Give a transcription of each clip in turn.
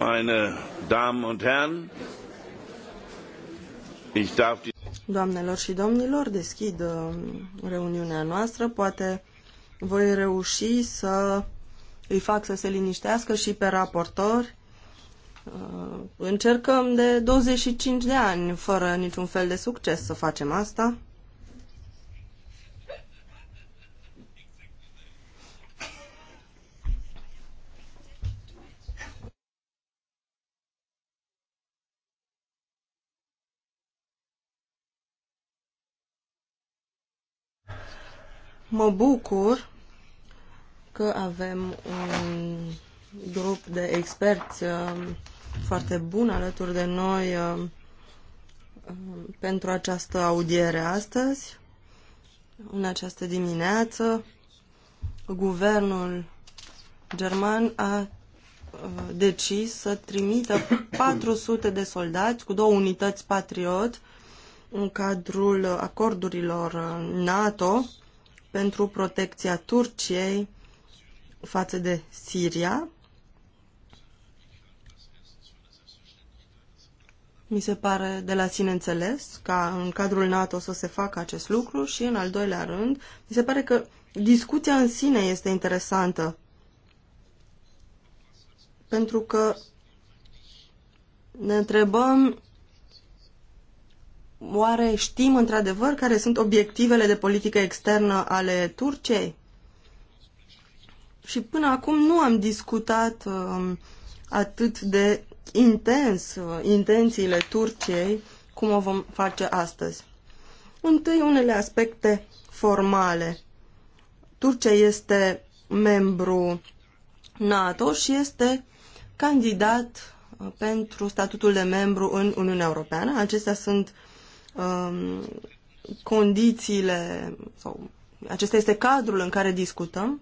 meine Damen und Herren, ich darf die Doamnelor și domnilor, deschid uh, reuniunea noastră. Poate voi reuși să îi fac să se liniștească și pe raportori. Uh, încercăm de 25 de ani, fără niciun fel de succes, să facem asta. Mă bucur că avem un grup de experți uh, foarte bun alături de noi uh, pentru această audiere astăzi, în această dimineață. Guvernul german a uh, decis să trimită 400 de soldați cu două unități Patriot în cadrul acordurilor NATO pentru protecția Turciei față de Siria. Mi se pare de la sine înțeles ca în cadrul NATO să se facă acest lucru și, în al doilea rând, mi se pare că discuția în sine este interesantă pentru că ne întrebăm Oare știm într-adevăr care sunt obiectivele de politică externă ale Turciei? Și până acum nu am discutat uh, atât de intens uh, intențiile Turciei cum o vom face astăzi. Întâi unele aspecte formale. Turcia este membru NATO și este candidat uh, pentru statutul de membru în Uniunea Europeană. Acestea sunt uh, um, condițiile sau acesta este cadrul în care discutăm.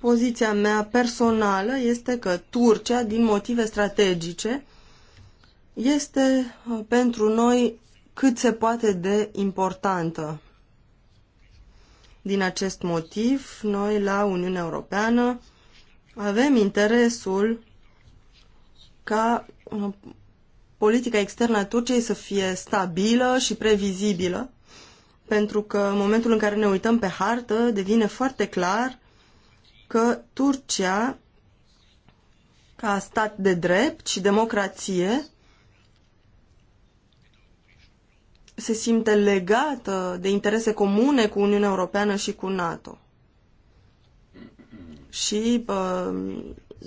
Poziția mea personală este că Turcia, din motive strategice, este uh, pentru noi cât se poate de importantă. Din acest motiv, noi la Uniunea Europeană avem interesul ca uh, politica externă a Turciei să fie stabilă și previzibilă, pentru că în momentul în care ne uităm pe hartă devine foarte clar că Turcia, ca stat de drept și democrație, se simte legată de interese comune cu Uniunea Europeană și cu NATO. Și uh,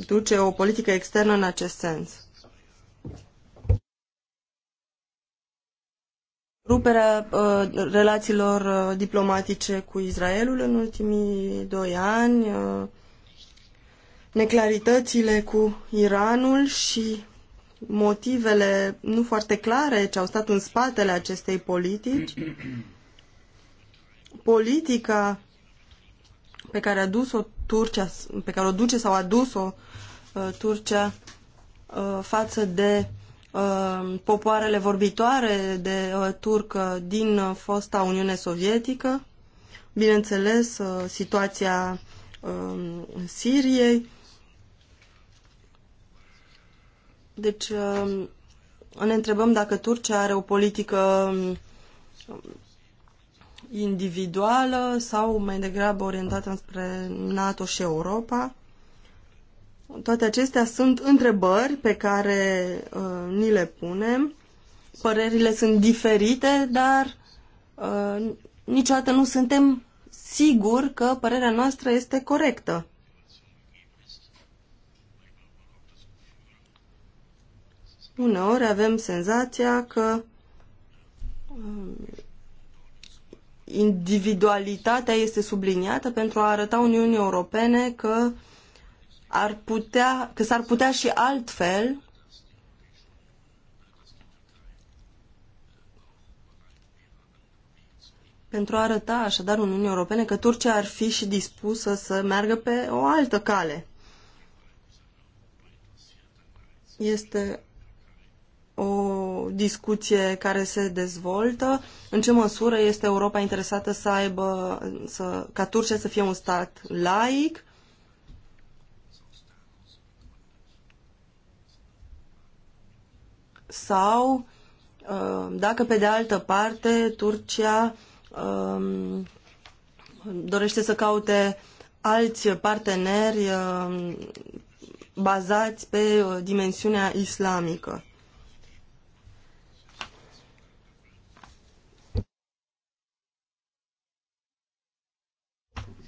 duce o politică externă în acest sens. ruperea uh, relațiilor uh, diplomatice cu Israelul în ultimii doi ani, uh, neclaritățile cu Iranul și motivele nu foarte clare ce au stat în spatele acestei politici, politica pe care a dus-o Turcia, pe care o duce sau a dus-o uh, Turcia uh, față de Uh, popoarele vorbitoare de uh, turcă din uh, fosta Uniune Sovietică, bineînțeles situația um, Siriei. Deci um, ne întrebăm dacă Turcia are o politică um, individuală sau mai degrabă orientată spre NATO și Europa. Toate acestea sunt întrebări pe care uh, ni le punem. Părerile sunt diferite, dar uh, niciodată nu suntem siguri că părerea noastră este corectă. Uneori avem senzația că um, individualitatea este subliniată pentru a arăta Uniunii Europene că uh, ar putea, că s-ar putea și altfel pentru a arăta așadar Uniunii Europene că Turcia ar fi și dispusă să meargă pe o altă cale. Este o discuție care se dezvoltă. În ce măsură este Europa interesată să aibă, să, ca Turcia să fie un stat laic? sau uh, dacă pe de altă parte Turcia um, dorește să caute alți parteneri um, bazați pe uh, dimensiunea islamică.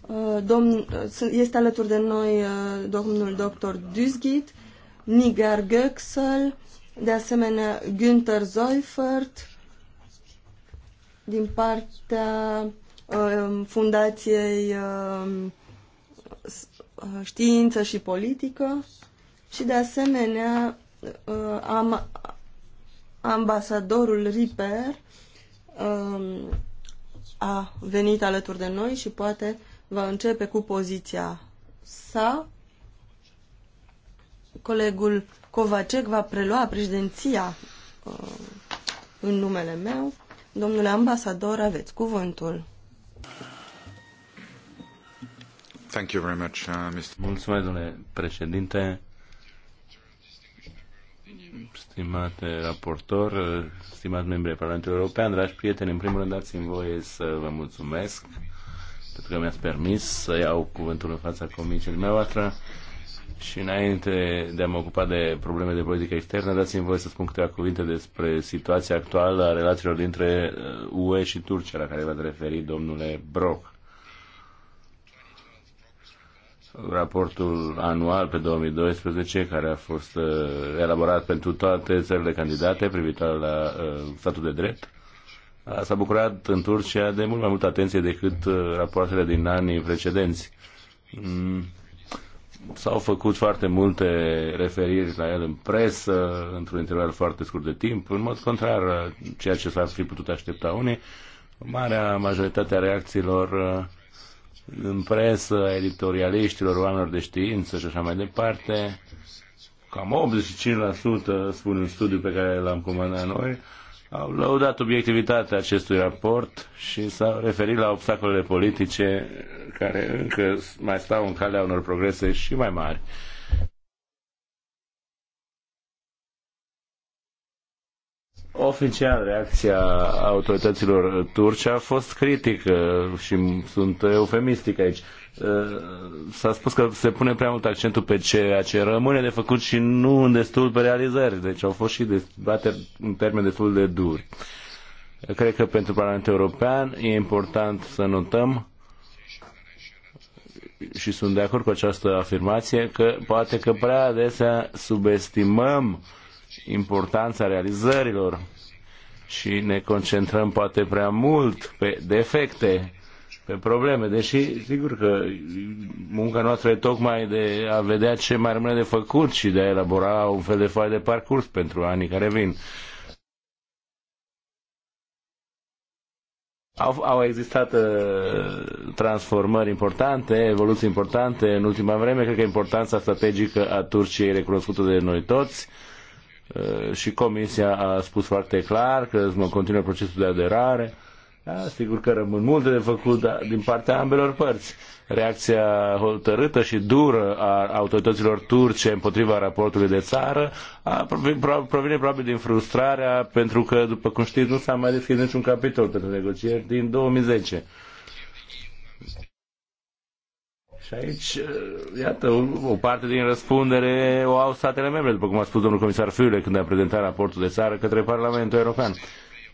Uh, domn, este alături de noi domnul doctor Düzgit, Nigar Göksel, de asemenea Günther Zeufert din partea uh, Fundației um, uh, Știință și Politică și de asemenea uh, am, ambasadorul Ripper uh, a venit alături de noi și poate va începe cu poziția sa. Colegul Covacec va prelua președinția uh, în numele meu. Domnule ambasador, aveți cuvântul. Thank you very much, uh, Mr. Mulțumesc, domnule președinte, stimate raportor, uh, stimați membri ai Parlamentului European, dragi prieteni, în primul rând dați-mi voie să vă mulțumesc pentru că mi-ați permis să iau cuvântul în fața comisiei dumneavoastră și înainte de a mă ocupa de probleme de politică externă, dați-mi voie să spun câteva cuvinte despre situația actuală a relațiilor dintre UE uh, și Turcia, la care v-ați referit, domnule Brock. Raportul anual pe 2012, care a fost uh, elaborat pentru toate țările candidate privitoare la uh, statul de drept, s-a bucurat în Turcia de mult mai multă atenție decât rapoartele din anii precedenți mm. S-au făcut foarte multe referiri la el în presă, într-un interval foarte scurt de timp, în mod contrar ceea ce s-ar fi putut aștepta unii. Marea majoritate a reacțiilor uh, în presă, a editorialiștilor, oamenilor de știință și așa mai departe, cam 85% spun un studiu pe care l-am comandat noi, au lăudat obiectivitatea acestui raport și s-au referit la obstacolele politice care încă mai stau în calea unor progrese și mai mari. Oficial, reacția autorităților turce a fost critică și sunt eufemistic aici s-a spus că se pune prea mult accentul pe ceea ce rămâne de făcut și nu în destul pe realizări. Deci au fost și dezbateri în termeni destul de duri. Cred că pentru Parlamentul European e important să notăm și sunt de acord cu această afirmație că poate că prea adesea subestimăm importanța realizărilor și ne concentrăm poate prea mult pe defecte pe probleme, deși sigur că munca noastră e tocmai de a vedea ce mai rămâne de făcut și de a elabora un fel de foaie de parcurs pentru anii care vin. Au, au existat uh, transformări importante, evoluții importante în ultima vreme. Cred că importanța strategică a Turciei e recunoscută de noi toți uh, și Comisia a spus foarte clar că continuă procesul de aderare da? Sigur că rămân multe de făcut da, din partea ambelor părți. Reacția hotărâtă și dură a autorităților turce împotriva raportului de țară a, provine probabil din frustrarea pentru că, după cum știți, nu s-a mai deschis niciun capitol pentru negocieri din 2010. Și aici, uh, iată, o parte din răspundere o au statele membre, după cum a spus domnul comisar Fiule când a prezentat raportul de țară către Parlamentul European.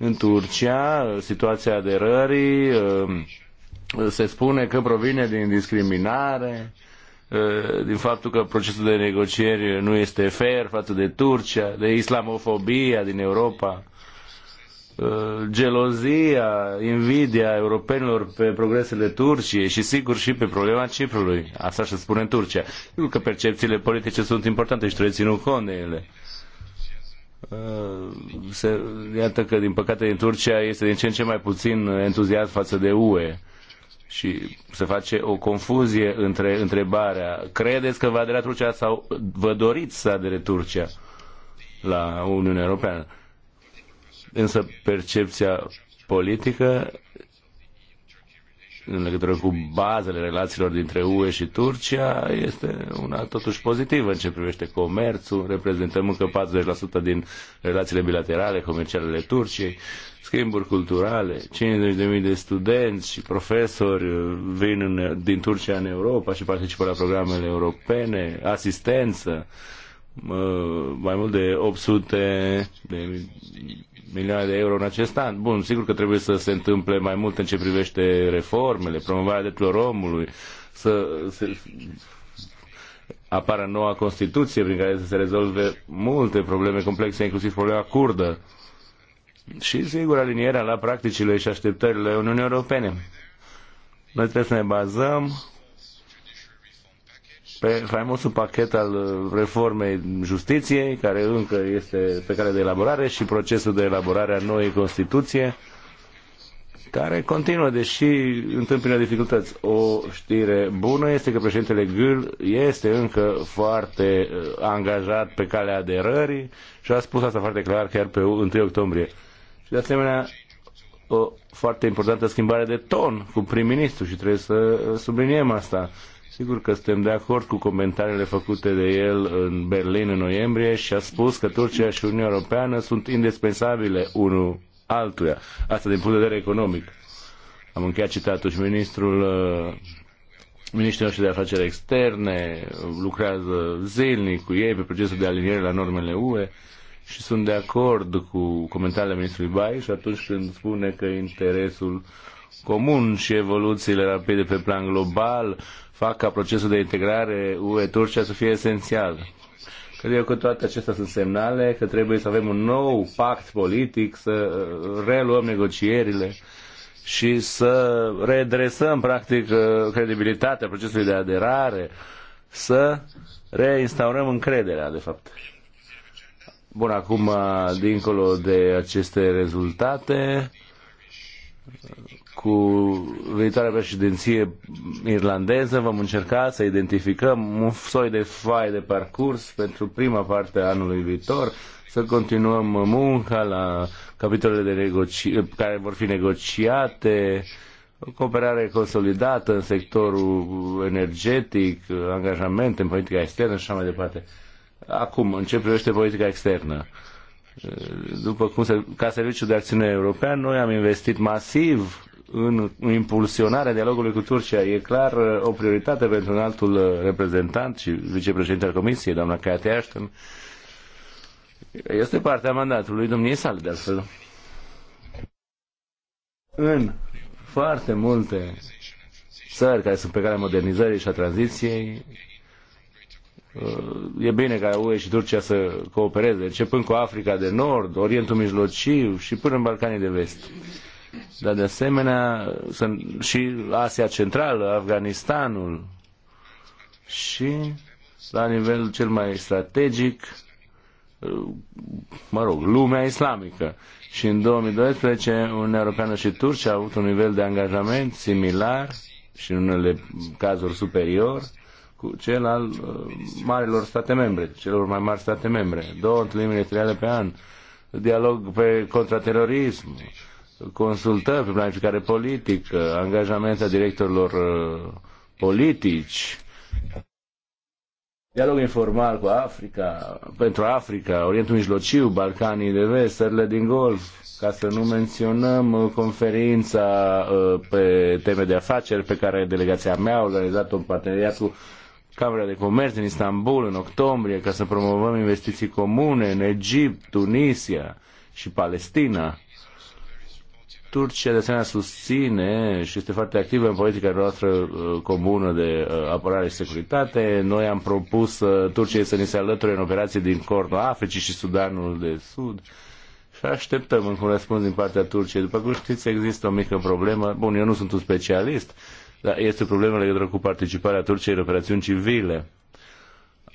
În Turcia, situația aderării uh, se spune că provine din discriminare, uh, din faptul că procesul de negocieri nu este fair față de Turcia, de islamofobia din Europa, uh, gelozia, invidia europenilor pe progresele Turciei și sigur și pe problema Ciprului. Asta se spune în Turcia. Sigur că percepțiile politice sunt importante și trebuie ținut cont de ele. Uh, se, iată că, din păcate, din Turcia este din ce în ce mai puțin entuziasm față de UE și se face o confuzie între întrebarea credeți că va adera Turcia sau vă doriți să adere Turcia la Uniunea Europeană? Însă percepția politică în legătură cu bazele relațiilor dintre UE și Turcia este una totuși pozitivă în ce privește comerțul. Reprezentăm încă 40% din relațiile bilaterale comerciale ale Turciei, schimburi culturale, 50.000 de studenți și profesori uh, vin în, din Turcia în Europa și participă la programele europene, asistență uh, mai mult de 800 de milioane de euro în acest an. Bun, sigur că trebuie să se întâmple mai mult în ce privește reformele, promovarea drepturilor omului, să, să apară noua Constituție prin care să se rezolve multe probleme complexe, inclusiv problema curdă. Și, sigur, alinierea la practicile și așteptările Uniunii Europene. Noi trebuie să ne bazăm pe faimosul pachet al uh, reformei justiției, care încă este pe care de elaborare, și procesul de elaborare a noii Constituție, care continuă, deși întâmpină dificultăți. O știre bună este că președintele Gül este încă foarte uh, angajat pe calea aderării și a spus asta foarte clar chiar pe 1 octombrie. Și de asemenea, o foarte importantă schimbare de ton cu prim-ministru și trebuie să uh, subliniem asta. Sigur că suntem de acord cu comentariile făcute de el în Berlin în noiembrie și a spus că Turcia și Uniunea Europeană sunt indispensabile unul altuia. Asta din punct de vedere economic. Am încheiat citatul și ministrul uh, Ministrul nostru de afaceri externe lucrează zilnic cu ei pe procesul de aliniere la normele UE și sunt de acord cu comentariile ministrului Bai și atunci când spune că interesul comun și evoluțiile rapide pe plan global fac ca procesul de integrare UE-Turcia să fie esențial. Cred eu că toate acestea sunt semnale că trebuie să avem un nou pact politic, să uh, reluăm negocierile și să redresăm, practic, uh, credibilitatea procesului de aderare, să reinstaurăm încrederea, de fapt. Bun, acum, dincolo de aceste rezultate, cu viitoarea președinție irlandeză vom încerca să identificăm un soi de foaie de parcurs pentru prima parte a anului viitor, să continuăm munca la capitolele de negoci- care vor fi negociate, o cooperare consolidată în sectorul energetic, angajament în politica externă și așa mai departe. Acum, în ce privește politica externă? După cum se, ca serviciu de acțiune european, noi am investit masiv în impulsionarea dialogului cu Turcia. E clar o prioritate pentru un altul reprezentant și vicepreședinte al Comisiei, doamna Cate Ashton. Este partea mandatului domniei sale, de altfel. În foarte multe țări care sunt pe calea modernizării și a tranziției, uh, e bine ca UE și Turcia să coopereze, începând cu Africa de Nord, Orientul Mijlociu și până în Balcanii de Vest dar de asemenea sunt și Asia Centrală, Afganistanul și la nivel cel mai strategic, mă rog, lumea islamică. Și în 2012 Uniunea Europeană și Turcia au avut un nivel de angajament similar și în unele cazuri superior cu cel al uh, marilor state membre, celor mai mari state membre. Două întâlniri ale pe an, dialog pe contraterorism, uh, consultări pe planificare politică, angajamente a directorilor uh, politici, dialog informal cu Africa, pentru Africa, Orientul Mijlociu, Balcanii de Vest, țările din Golf, ca să nu menționăm uh, conferința uh, pe teme de afaceri pe care delegația mea a organizat-o în parteneriat cu Camera de Comerț din Istanbul în octombrie ca să promovăm investiții comune în Egipt, Tunisia și Palestina. Turcia de asemenea susține și este foarte activă în politica noastră uh, comună de uh, apărare și securitate. Noi am propus uh, Turciei să ni se alăture în operații din Cornul Africii și Sudanul de Sud și așteptăm încă un răspuns din partea Turciei. După cum știți, există o mică problemă. Bun, eu nu sunt un specialist, dar este o problemă legătură cu participarea Turciei în operațiuni civile,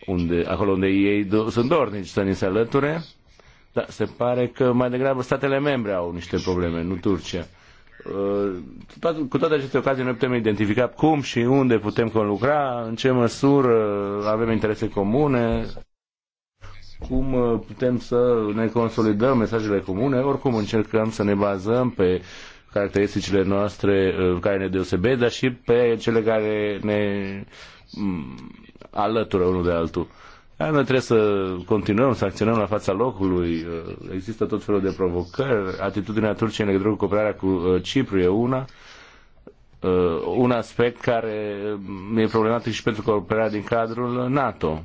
unde, acolo unde ei do- sunt dornici să ni se alăture da, se pare că mai degrabă statele membre au niște probleme, nu Turcia. Uh, cu toate aceste ocazii noi putem identifica cum și unde putem conlucra, în ce măsură avem interese comune, cum uh, putem să ne consolidăm mesajele comune, oricum încercăm să ne bazăm pe caracteristicile noastre uh, care ne deosebesc, dar și pe cele care ne mm, alătură unul de altul. Noi trebuie să continuăm să acționăm la fața locului. Uh, există tot felul de provocări. Atitudinea Turciei în legătură cu cooperarea cu uh, Cipru e una. Uh, un aspect care e problematic și pentru cooperarea din cadrul NATO.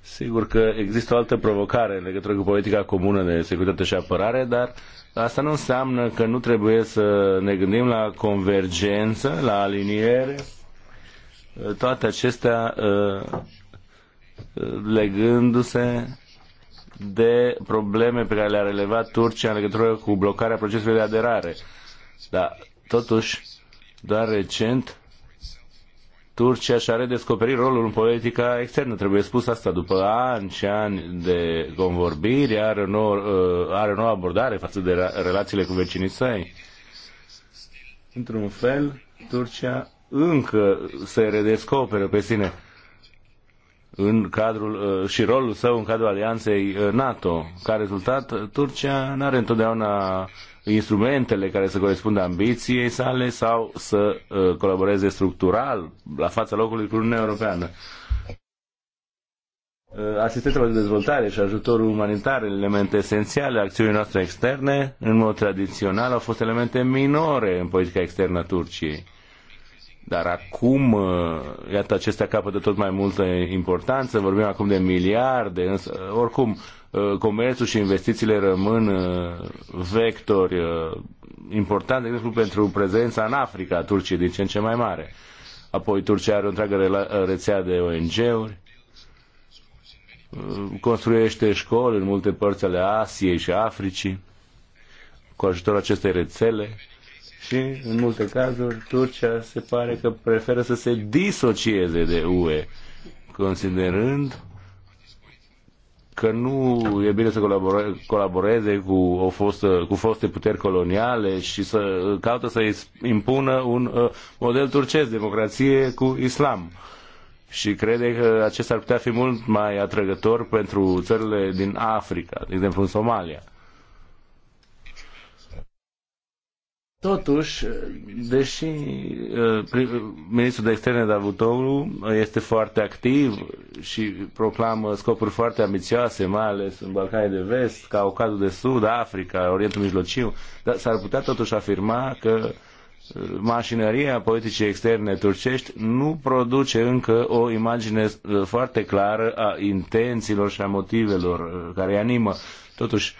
Sigur că există o altă provocare în legătură cu politica comună de securitate și apărare, dar Asta nu înseamnă că nu trebuie să ne gândim la convergență, la aliniere, toate acestea uh, uh, legându-se de probleme pe care le-a relevat Turcia în legătură cu blocarea procesului de aderare. Dar, totuși, doar recent, Turcia și-a redescoperit rolul în politica externă. Trebuie spus asta după ani și ani de convorbiri, are o nouă, uh, are o nouă abordare față de relațiile cu vecinii săi. Într-un fel, Turcia încă se redescoperă pe sine în cadrul uh, și rolul său în cadrul alianței uh, NATO. Ca rezultat, Turcia nu are întotdeauna instrumentele care să corespundă ambiției sale sau să uh, colaboreze structural la fața locului cu Uniunea Europeană. Uh, asistența de dezvoltare și ajutorul umanitar, elemente esențiale acțiunii noastre externe, în mod tradițional au fost elemente minore în politica externă a Turciei. Dar acum, uh, iată, acestea capătă tot mai multă importanță, vorbim acum de miliarde, însă, oricum, Uh, comerțul și investițiile rămân uh, vectori uh, important. de exemplu, pentru prezența în Africa a Turciei din ce în ce mai mare. Apoi Turcia are o întreagă rețea de ONG-uri, construiește școli în multe părți ale Asiei și Africii cu ajutorul acestei rețele și, în multe cazuri, Turcia se pare că preferă să se disocieze de UE, considerând că nu e bine să colaboreze, colaboreze cu, o fostă, cu foste puteri coloniale și să caută să impună un uh, model turcesc, democrație cu islam. Și crede că acesta ar putea fi mult mai atrăgător pentru țările din Africa, de exemplu în Somalia. Totuși, deși uh, ministrul de externe Davutoglu este foarte activ și proclamă scopuri foarte ambițioase, mai ales în Balcanii de Vest, ca o cadru de Sud, Africa, Orientul Mijlociu, dar s-ar putea totuși afirma că uh, mașinăria politicii externe turcești nu produce încă o imagine uh, foarte clară a intențiilor și a motivelor care îi animă. Totuși,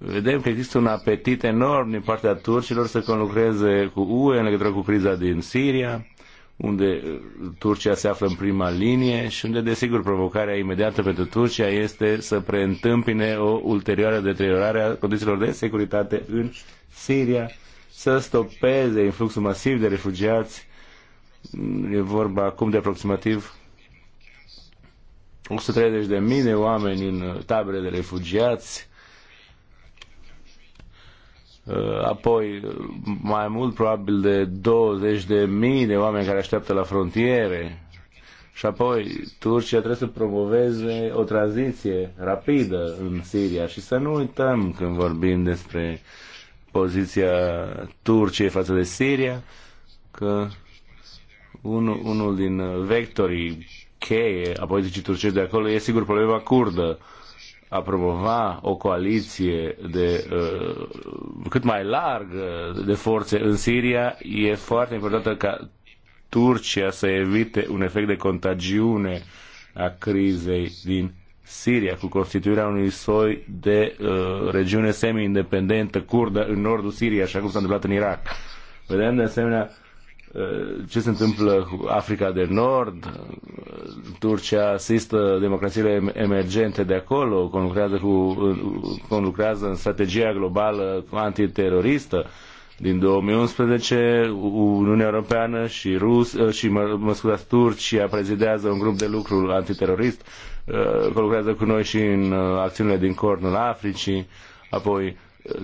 vedem că există un apetit enorm din partea turcilor să conlucreze cu UE în legătură cu criza din Siria, unde uh, Turcia se află în prima linie și unde, desigur, provocarea imediată pentru Turcia este să preîntâmpine o ulterioară deteriorare a condițiilor de securitate în Siria, să stopeze influxul masiv de refugiați. E vorba acum de aproximativ 130.000 de mii de oameni în tabere de refugiați Uh, apoi mai mult probabil de 20 de mii de oameni care așteaptă la frontiere și apoi Turcia trebuie să promoveze o tranziție rapidă în Siria și să nu uităm când vorbim despre poziția Turciei față de Siria că unul, unul din vectorii cheie a politicii turcești de acolo e sigur problema curdă a promova o coaliție de uh, cât mai largă de forțe în Siria, e foarte importantă ca Turcia să evite un efect de contagiune a crizei din Siria, cu constituirea unui soi de uh, regiune semi-independentă, kurdă, în nordul Siriei, așa cum s-a întâmplat în Irak. Vedem de asemenea Eh, ce se întâmplă cu Africa de Nord, eh, Turcia asistă democrațiile emergente de acolo, conlucrează, cu, conlucrează în strategia globală antiteroristă din 2011, Uniunea Europeană și Rus eh, și mă, mă scuzați, Turcia prezidează un grup de lucru antiterorist, colaborează cu noi și în acțiunile din Cornul Africii, apoi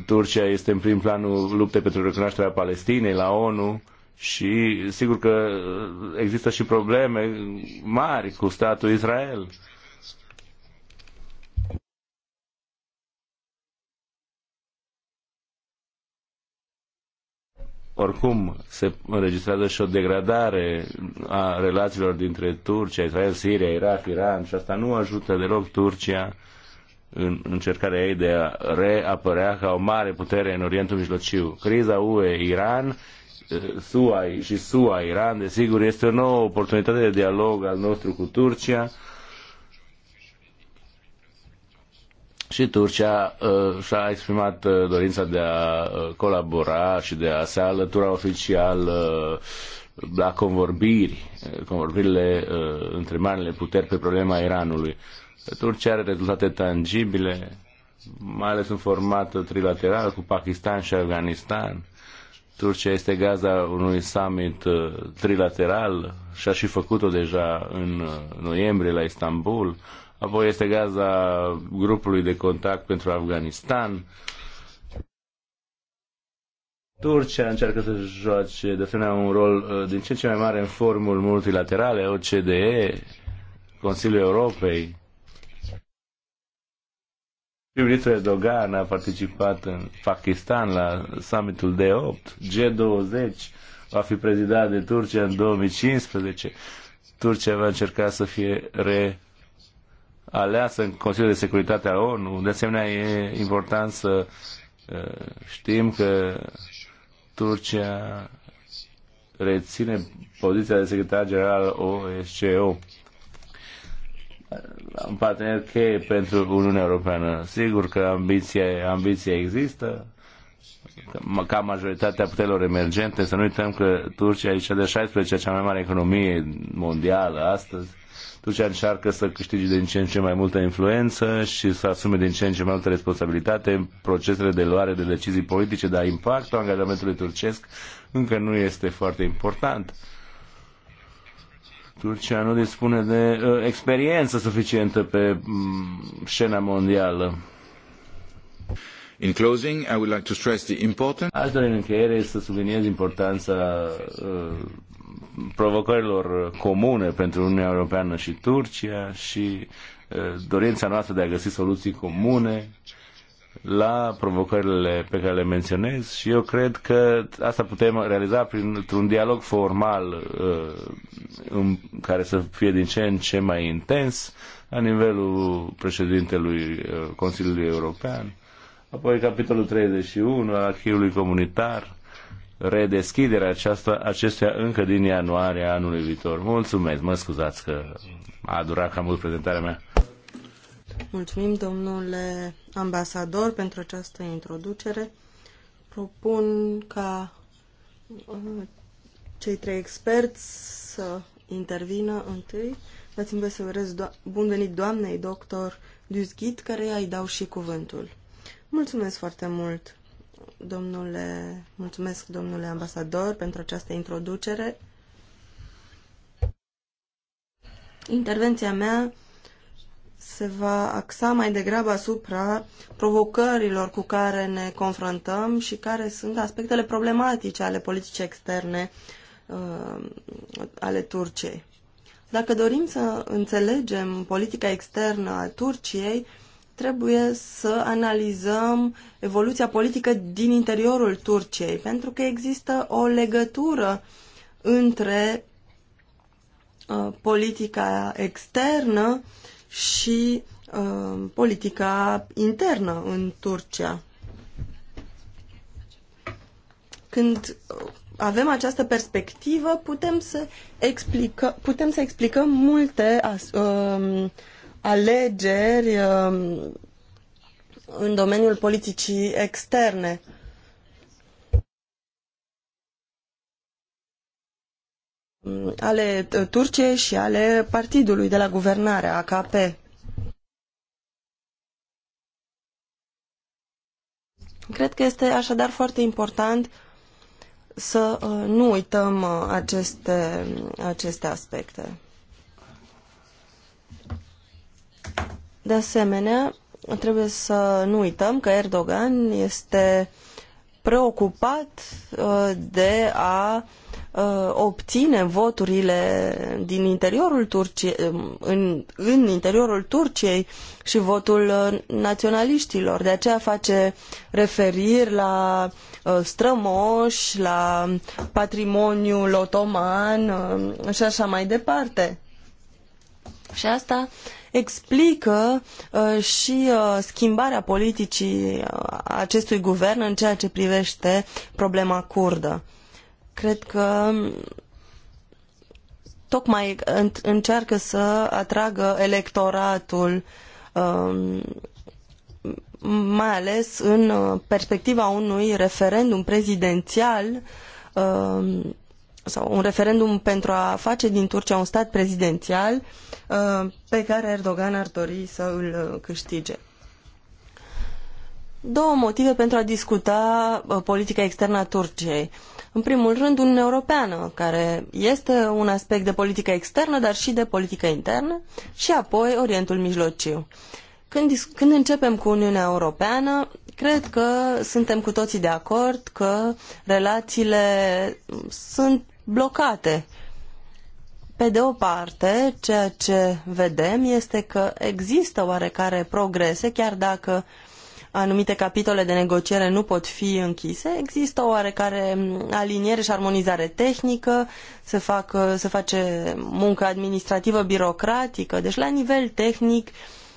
Turcia este în prim planul luptei pentru recunoașterea Palestinei la ONU, și sigur că există și probleme mari cu statul Israel. Oricum, se înregistrează și o degradare a relațiilor dintre Turcia, Israel, Siria, Irak, Iran și asta nu ajută deloc Turcia în încercarea ei de a reapărea ca o mare putere în Orientul Mijlociu. Criza UE-Iran SUA și SUA, Iran, desigur, este o nouă oportunitate de dialog al nostru cu Turcia. Și Turcia uh, și-a exprimat uh, dorința de a uh, colabora și de a se alătura oficial uh, la convorbiri, uh, convorbirile uh, între marile puteri pe problema Iranului. Turcia are rezultate tangibile, mai ales în format trilateral cu Pakistan și Afganistan. Turcia este gazda unui summit uh, trilateral și a și făcut-o deja în uh, noiembrie la Istanbul. Apoi este gazda grupului de contact pentru Afganistan. Turcia încearcă să joace de asemenea un rol uh, din ce în ce mai mare în formul multilaterale, OCDE, Consiliul Europei Prim-ministru Erdogan a participat în Pakistan la summitul D8, G20 va fi prezidat de Turcia în 2015. Turcia va încerca să fie realeasă în Consiliul de Securitate al ONU. De asemenea, e important să uh, știm că Turcia reține poziția de secretar general OSCE un partener cheie pentru Uniunea Europeană. Sigur că ambiția, ambiția există, ca majoritatea puterilor emergente, să nu uităm că Turcia e cea de 16 cea mai mare economie mondială astăzi. Turcia încearcă să câștige din ce în ce mai multă influență și să asume din ce în ce mai multă responsabilitate în procesele de luare de decizii politice, dar impactul angajamentului turcesc încă nu este foarte important Turcia nu dispune de uh, experiență suficientă pe um, scena mondială. In closing, I would like to stress the important. Aș dori în încheiere să subliniez importanța uh, provocărilor comune pentru Uniunea Europeană și Turcia și uh, dorința noastră de a găsi soluții comune la provocările pe care le menționez și eu cred că asta putem realiza printr-un dialog formal uh, în care să fie din ce în ce mai intens la nivelul președintelui uh, Consiliului European, apoi capitolul 31 al arhivului comunitar, redeschiderea aceasta, acestuia încă din ianuarie anului viitor. Mulțumesc, mă scuzați că a durat cam mult prezentarea mea. Mulțumim, domnule ambasador, pentru această introducere. Propun ca uh, cei trei experți să intervină întâi. Dați-mi voie să urez bun venit doamnei doctor Duzghit, care îi dau și cuvântul. Mulțumesc foarte mult, domnule, mulțumesc domnule ambasador pentru această introducere. Intervenția mea se va axa mai degrabă asupra provocărilor cu care ne confruntăm și care sunt aspectele problematice ale politicii externe uh, ale Turciei. Dacă dorim să înțelegem politica externă a Turciei, trebuie să analizăm evoluția politică din interiorul Turciei, pentru că există o legătură între uh, politica externă și uh, politica internă în Turcia. Când uh, avem această perspectivă, putem să, explică, putem să explicăm multe as, uh, alegeri uh, în domeniul politicii externe. Uh, Mm, ale uh, Turciei și ale partidului de la guvernare, AKP. Cred că este așadar foarte important să uh, nu uităm uh, aceste, aceste aspecte. De asemenea, trebuie să nu uităm că Erdogan este preocupat de a Uh, obține voturile din interiorul Turciei, în, în interiorul Turciei și votul uh, naționaliștilor. De aceea face referiri la uh, strămoși, la patrimoniul otoman și așa mai departe. Și asta explică uh, și uh, schimbarea politicii acestui guvern în ceea ce privește problema curdă. Cred că tocmai încearcă să atragă electoratul um, mai ales în uh, perspectiva unui referendum prezidențial um, sau un referendum pentru a face din Turcia un stat prezidențial uh, pe care Erdogan ar dori să îl uh, câștige. Două motive pentru a discuta politica externă a Turciei. În primul rând, Uniunea Europeană, care este un aspect de politică externă, dar și de politică internă, și apoi Orientul Mijlociu. Când, când începem cu Uniunea Europeană, cred că suntem cu toții de acord că relațiile sunt blocate. Pe de o parte, ceea ce vedem este că există oarecare progrese, chiar dacă uh, anumite capitole de negociere nu pot fi închise, există o oarecare aliniere și armonizare tehnică, se, fac, se face muncă administrativă, birocratică, deci la nivel tehnic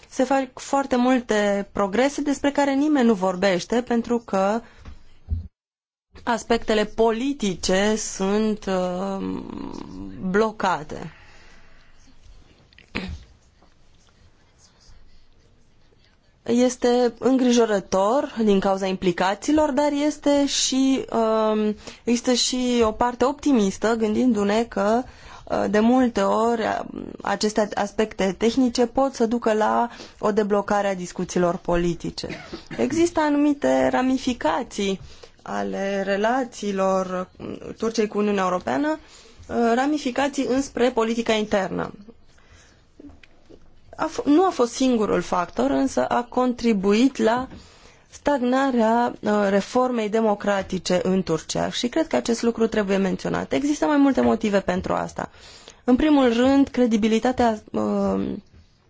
se fac foarte multe progrese despre care nimeni nu vorbește pentru că aspectele politice sunt uh, blocate. este îngrijorător din cauza implicațiilor, dar este și, um, există și o parte optimistă gândindu-ne că uh, de multe ori aceste aspecte tehnice pot să ducă la o deblocare a discuțiilor politice. Există anumite ramificații ale relațiilor uh, Turciei cu Uniunea Europeană, uh, ramificații înspre politica internă a nu a fost singurul factor, însă a contribuit la stagnarea uh, reformei democratice în Turcia și cred că acest lucru trebuie menționat. Există mai multe motive pentru asta. În primul rând, credibilitatea uh,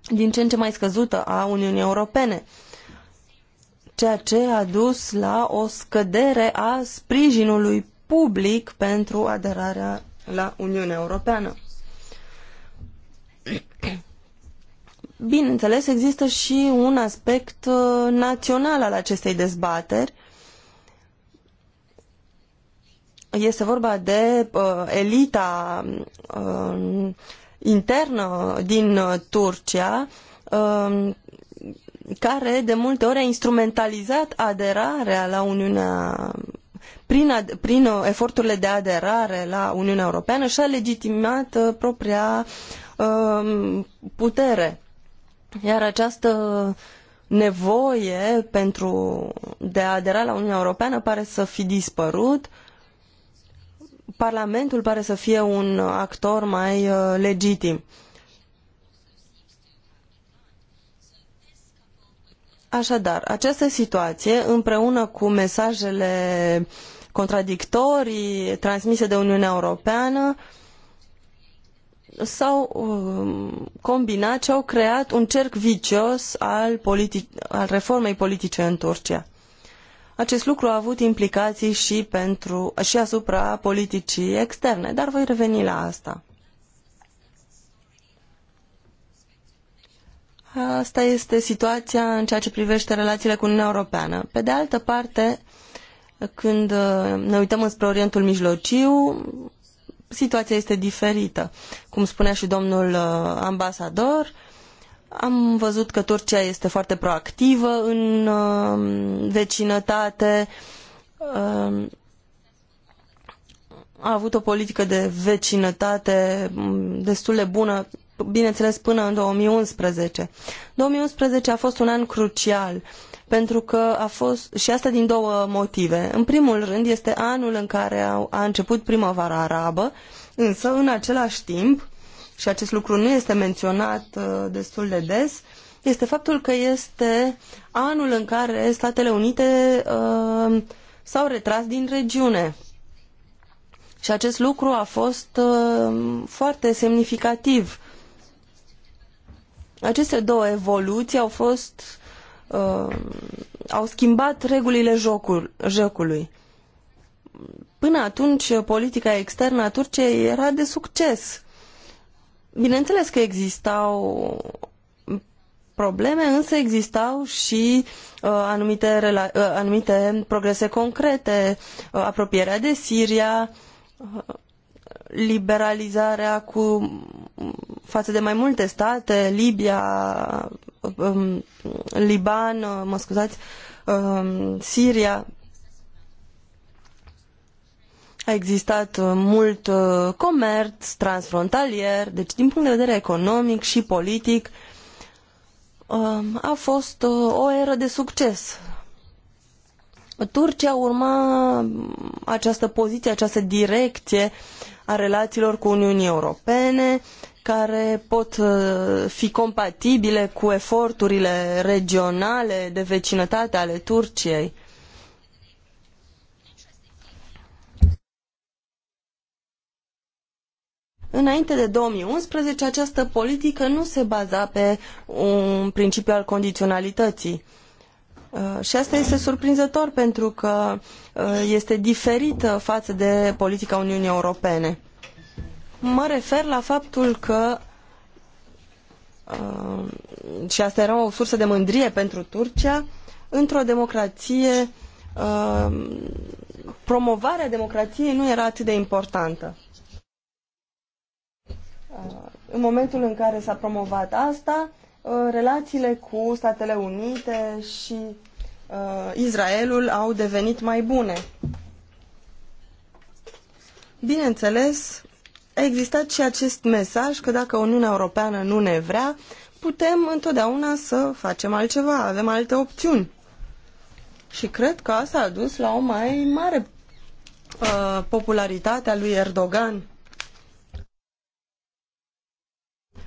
din ce în ce mai scăzută a Uniunii Europene, ceea ce a dus la o scădere a sprijinului public pentru aderarea la Uniunea Europeană. Bineînțeles, există și un aspect uh, național al acestei dezbateri. Este vorba de uh, elita uh, internă din uh, Turcia, uh, care de multe ori a instrumentalizat aderarea la Uniunea prin, prin uh, eforturile de aderare la Uniunea Europeană și a legitimat propria um, putere. Iar această nevoie pentru de a adera la Uniunea Europeană pare să fi dispărut. Parlamentul pare să fie un actor mai uh, legitim. Așadar, această situație, împreună cu mesajele contradictorii transmise de Uniunea Europeană, uh, s-au um, combinat și au creat un cerc vicios al, al reformei politice în Turcia. Acest lucru a avut implicații și, pentru, și asupra politicii externe, dar voi reveni la asta. Asta este situația în ceea ce privește relațiile cu Uniunea Europeană. Pe de altă parte, când uh, ne uităm înspre Orientul Mijlociu, situația este diferită. Cum spunea și domnul uh, ambasador, am văzut că Turcia este foarte proactivă în uh, vecinătate, uh, a avut o politică de vecinătate mm, destul de bună, bineînțeles până în 2011. 2011 a fost un an crucial pentru că a fost și asta din două motive. În primul rând este anul în care a, a început primăvara arabă, însă în același timp, și acest lucru nu este menționat uh, destul de des, este faptul că este anul în care Statele Unite uh, s-au retras din regiune. Și acest lucru a fost uh, foarte semnificativ. Aceste două evoluții au fost uh, au schimbat regulile jocul, jocului. Până atunci, politica externă a Turciei era de succes. Bineînțeles că existau probleme, însă existau și uh, anumite, rela- uh, anumite progrese concrete, uh, apropierea de Siria, uh, liberalizarea cu față de mai multe state, Libia, Um, Liban, uh, mă scuzați, um, Siria. A existat uh, mult uh, comerț transfrontalier, deci din punct de vedere economic și politic um, a fost o eră de succes. Turcia urma această poziție, această direcție a relațiilor cu Uniunii Europene, care pot uh, fi compatibile cu eforturile regionale de vecinătate ale Turciei. Înainte de 2011, această politică nu se baza pe un principiu al condiționalității. Uh, și asta este surprinzător pentru că uh, este diferită față de politica Uniunii Europene. Mă refer la faptul că uh, și asta era o sursă de mândrie pentru Turcia, într-o democrație uh, promovarea democrației nu era atât de importantă. Uh, în momentul în care s-a promovat asta, relațiile cu Statele Unite și Israelul au devenit mai bune. Bineînțeles, a existat și acest mesaj că dacă Uniunea Europeană nu ne vrea, putem întotdeauna să facem altceva, avem alte opțiuni. Și cred că asta a dus la o mai mare uh, popularitate a lui Erdogan.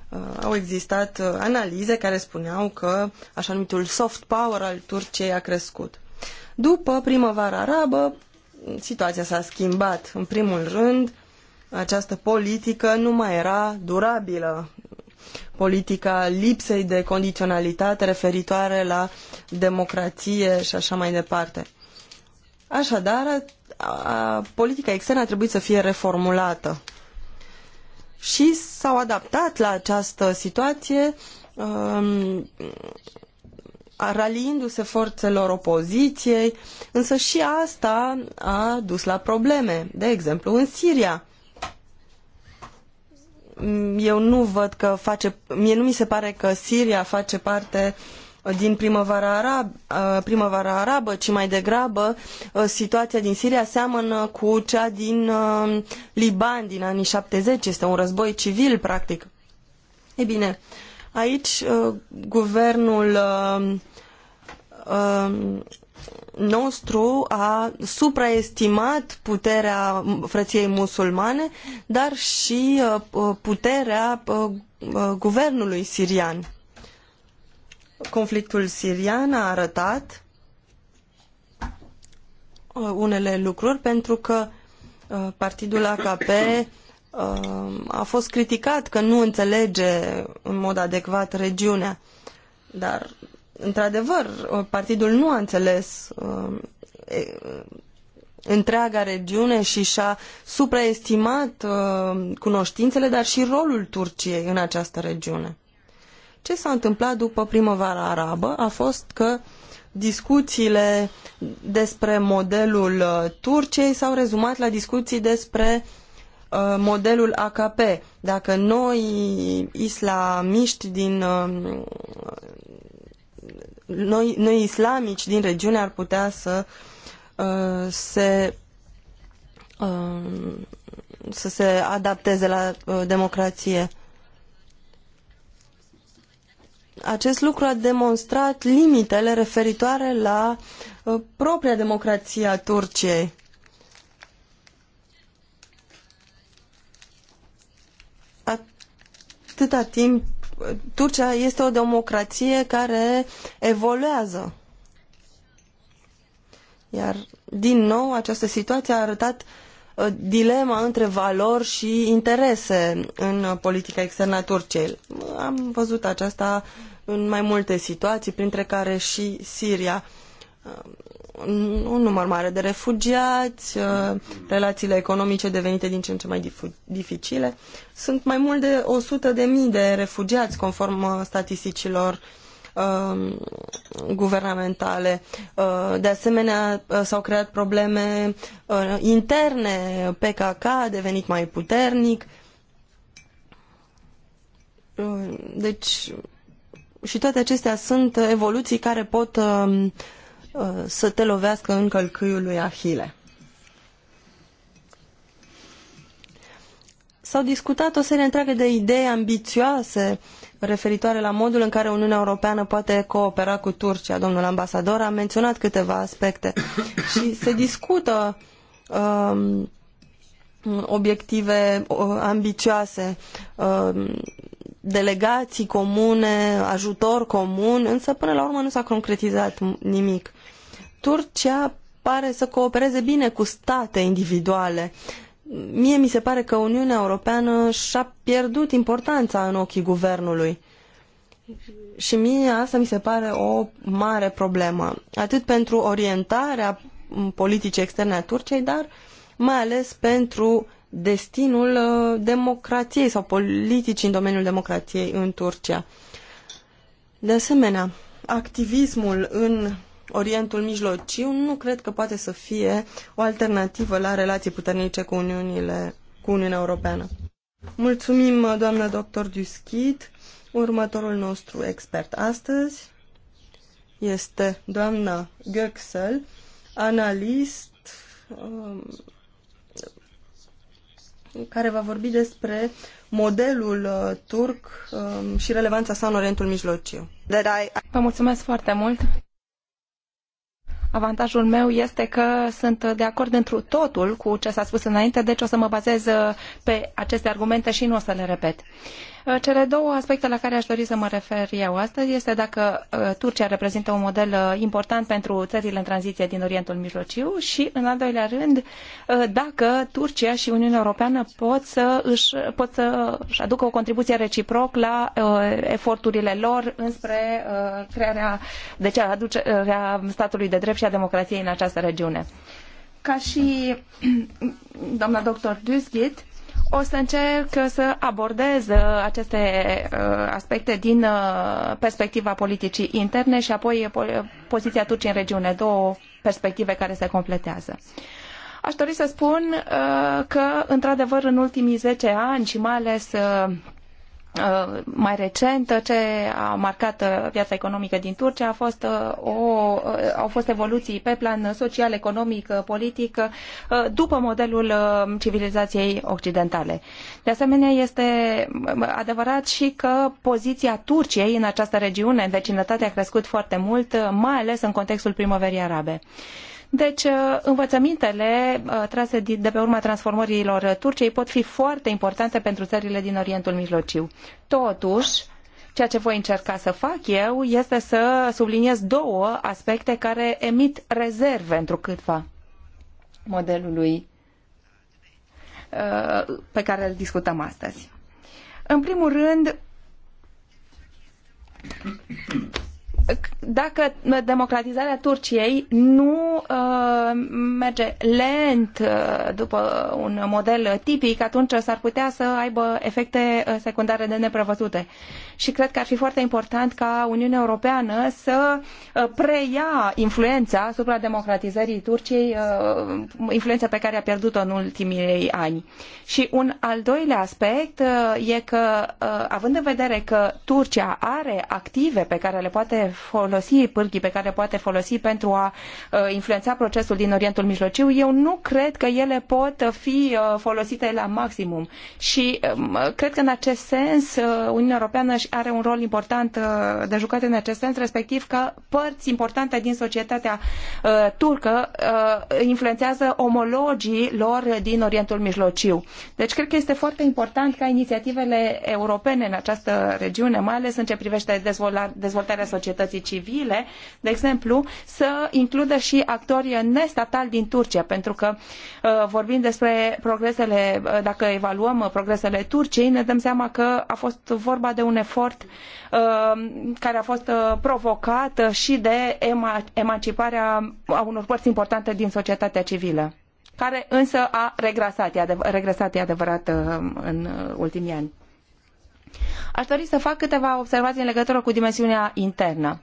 Uh, au existat uh, analize care spuneau că așa numitul soft power al Turciei a crescut. După primăvara arabă, situația s-a schimbat. În primul rând, uh, această politică nu mai era durabilă. Politica lipsei de condiționalitate referitoare la democrație și așa mai departe. Așadar, politica externă a trebuit să fie reformulată. Și s-au adaptat la această situație um, raliindu-se forțelor opoziției, însă și asta a dus la probleme, de exemplu în Siria Mm, eu nu văd că face, mie nu mi se pare că Siria face parte uh, din primăvara, arab, uh, primăvara arabă, ci mai degrabă uh, situația din Siria seamănă cu cea din Liban din anii 70, este un război civil practic. E bine, aici guvernul nostru a supraestimat puterea frăției musulmane, dar și uh, uh, puterea uh, guvernului sirian. Conflictul sirian a arătat unele lucruri pentru că partidul AKP a fost criticat că nu înțelege în mod adecvat regiunea. Dar într-adevăr, uh, partidul nu a înțeles uh, întreaga regiune și și-a supraestimat uh, cunoștințele, dar și rolul Turciei în această regiune. Ce s-a întâmplat după primăvara arabă a fost că discuțiile despre modelul Turciei s-au rezumat la discuții despre modelul AKP. Dacă noi islamiști din noi, noi islamici din regiune ar putea să uh, se uh, să se adapteze la uh, democrație. Acest lucru a demonstrat limitele referitoare la uh, propria democrație a Turciei. Atâta timp Turcia este o democrație care evoluează. Iar, din nou, această situație a arătat uh, dilema între valori și interese în uh, politica externă a Turciei. Am văzut aceasta în mai multe situații, printre care și Siria. Uh, un număr mare de refugiați, uh, relațiile economice devenite din ce în ce mai dificile. Sunt mai mult de 100 de mii de refugiați, conform uh, statisticilor um, guvernamentale. Uh, de asemenea, s-au creat probleme interne, PKK a devenit mai puternic. Deci, și toate acestea sunt evoluții care pot um, Uh, să te lovească în călcâiul lui Ahile. S-au discutat o serie întreagă de idei ambițioase referitoare la modul în care Uniunea Europeană poate coopera cu Turcia. Domnul ambasador a menționat câteva aspecte și se discută um, obiective uh, ambițioase, uh, delegații comune, ajutor comun, însă până la urmă nu s-a concretizat nimic. Turcia pare să coopereze bine cu state individuale. Mie mi se pare că Uniunea Europeană și-a pierdut importanța în ochii guvernului. Și mie asta mi se pare o mare problemă, atât pentru orientarea politicii externe a Turciei, dar mai ales pentru destinul uh, democrației sau politicii în domeniul democrației în Turcia. De asemenea, activismul în Orientul Mijlociu nu cred că poate să fie o alternativă la relații puternice cu, Uniunile, cu Uniunea Europeană. Mulțumim, doamnă doctor Duschid. Următorul nostru expert astăzi este doamna Göxel, analist um, care va vorbi despre modelul uh, turc um, și relevanța sa în Orientul Mijlociu. Vă mulțumesc foarte mult! Avantajul meu este că sunt de acord întru totul cu ce s-a spus înainte, deci o să mă bazez uh, pe aceste argumente și nu o să le repet. Uh, Uh, cele două aspecte la care aș dori să mă refer eu astăzi este dacă uh, Turcia reprezintă un model uh, important pentru țările în tranziție din Orientul Mijlociu și, în al doilea rând, dacă Turcia și Uniunea Europeană pot să își, pot să își aducă o contribuție reciproc la eforturile lor înspre crearea, deci aducerea statului de drept și a democrației în această regiune. Ca și doamna doctor Dusghit, o să încerc să abordez uh, aceste uh, aspecte din uh, perspectiva politicii interne și apoi poziția Turciei în regiune, două perspective care se completează. Aș dori să spun că, într-adevăr, în ultimii zece ani și mai ales Uh, mai recent, ce a marcat uh, viața economică din Turcia a fost uh, o, au fost evoluții pe plan social, economic, politic, după modelul civilizației occidentale. De asemenea, este adevărat și că poziția Turciei în această regiune, în vecinătate, a crescut foarte mult, mai ales în contextul primăverii arabe. Deci, uh, învățămintele uh, trase de pe urma transformărilor Turciei pot fi foarte importante pentru țările din Orientul Mijlociu. Totuși, Ceea ce voi încerca să fac eu este să subliniez două aspecte care emit rezerve pentru câtva modelului uh, pe care îl discutăm astăzi. În primul rând, dacă democratizarea Turciei nu uh, merge lent uh, după un model tipic, atunci s-ar putea să aibă efecte uh, secundare de neprevăzute. Uh, și cred că ar fi foarte important ca Uniunea Europeană să uh, preia influența asupra democratizării Turciei, uh, influența pe care a pierdut-o în ultimii ani. Și un al doilea aspect uh, e că, având în vedere că Turcia are active pe care le poate folosi, pârghii pe care le poate folosi pentru a influența procesul din Orientul Mijlociu, eu nu cred că ele pot fi folosite la maximum. Și um, cred că în acest sens Uniunea Europeană iarăși are un rol important uh, de jucat în acest sens, respectiv că părți importante din societatea uh, turcă uh, influențează omologii lor din Orientul Mijlociu. Deci cred că este foarte important ca inițiativele europene în această regiune, mai ales în ce privește dezvoltarea societății civile, de exemplu, să includă și actori nestatali din Turcia, pentru că vorbim despre progresele, dacă evaluăm progresele Turciei, ne dăm seama că a fost vorba de un efort efort uh, care a fost uh, provocat și de emanciparea a unor părți importante din societatea civilă care însă a regresat, e adevărat, regresat, e adevărat uh, în ultimii ani. Aș dori să fac câteva observații în legătură cu dimensiunea internă.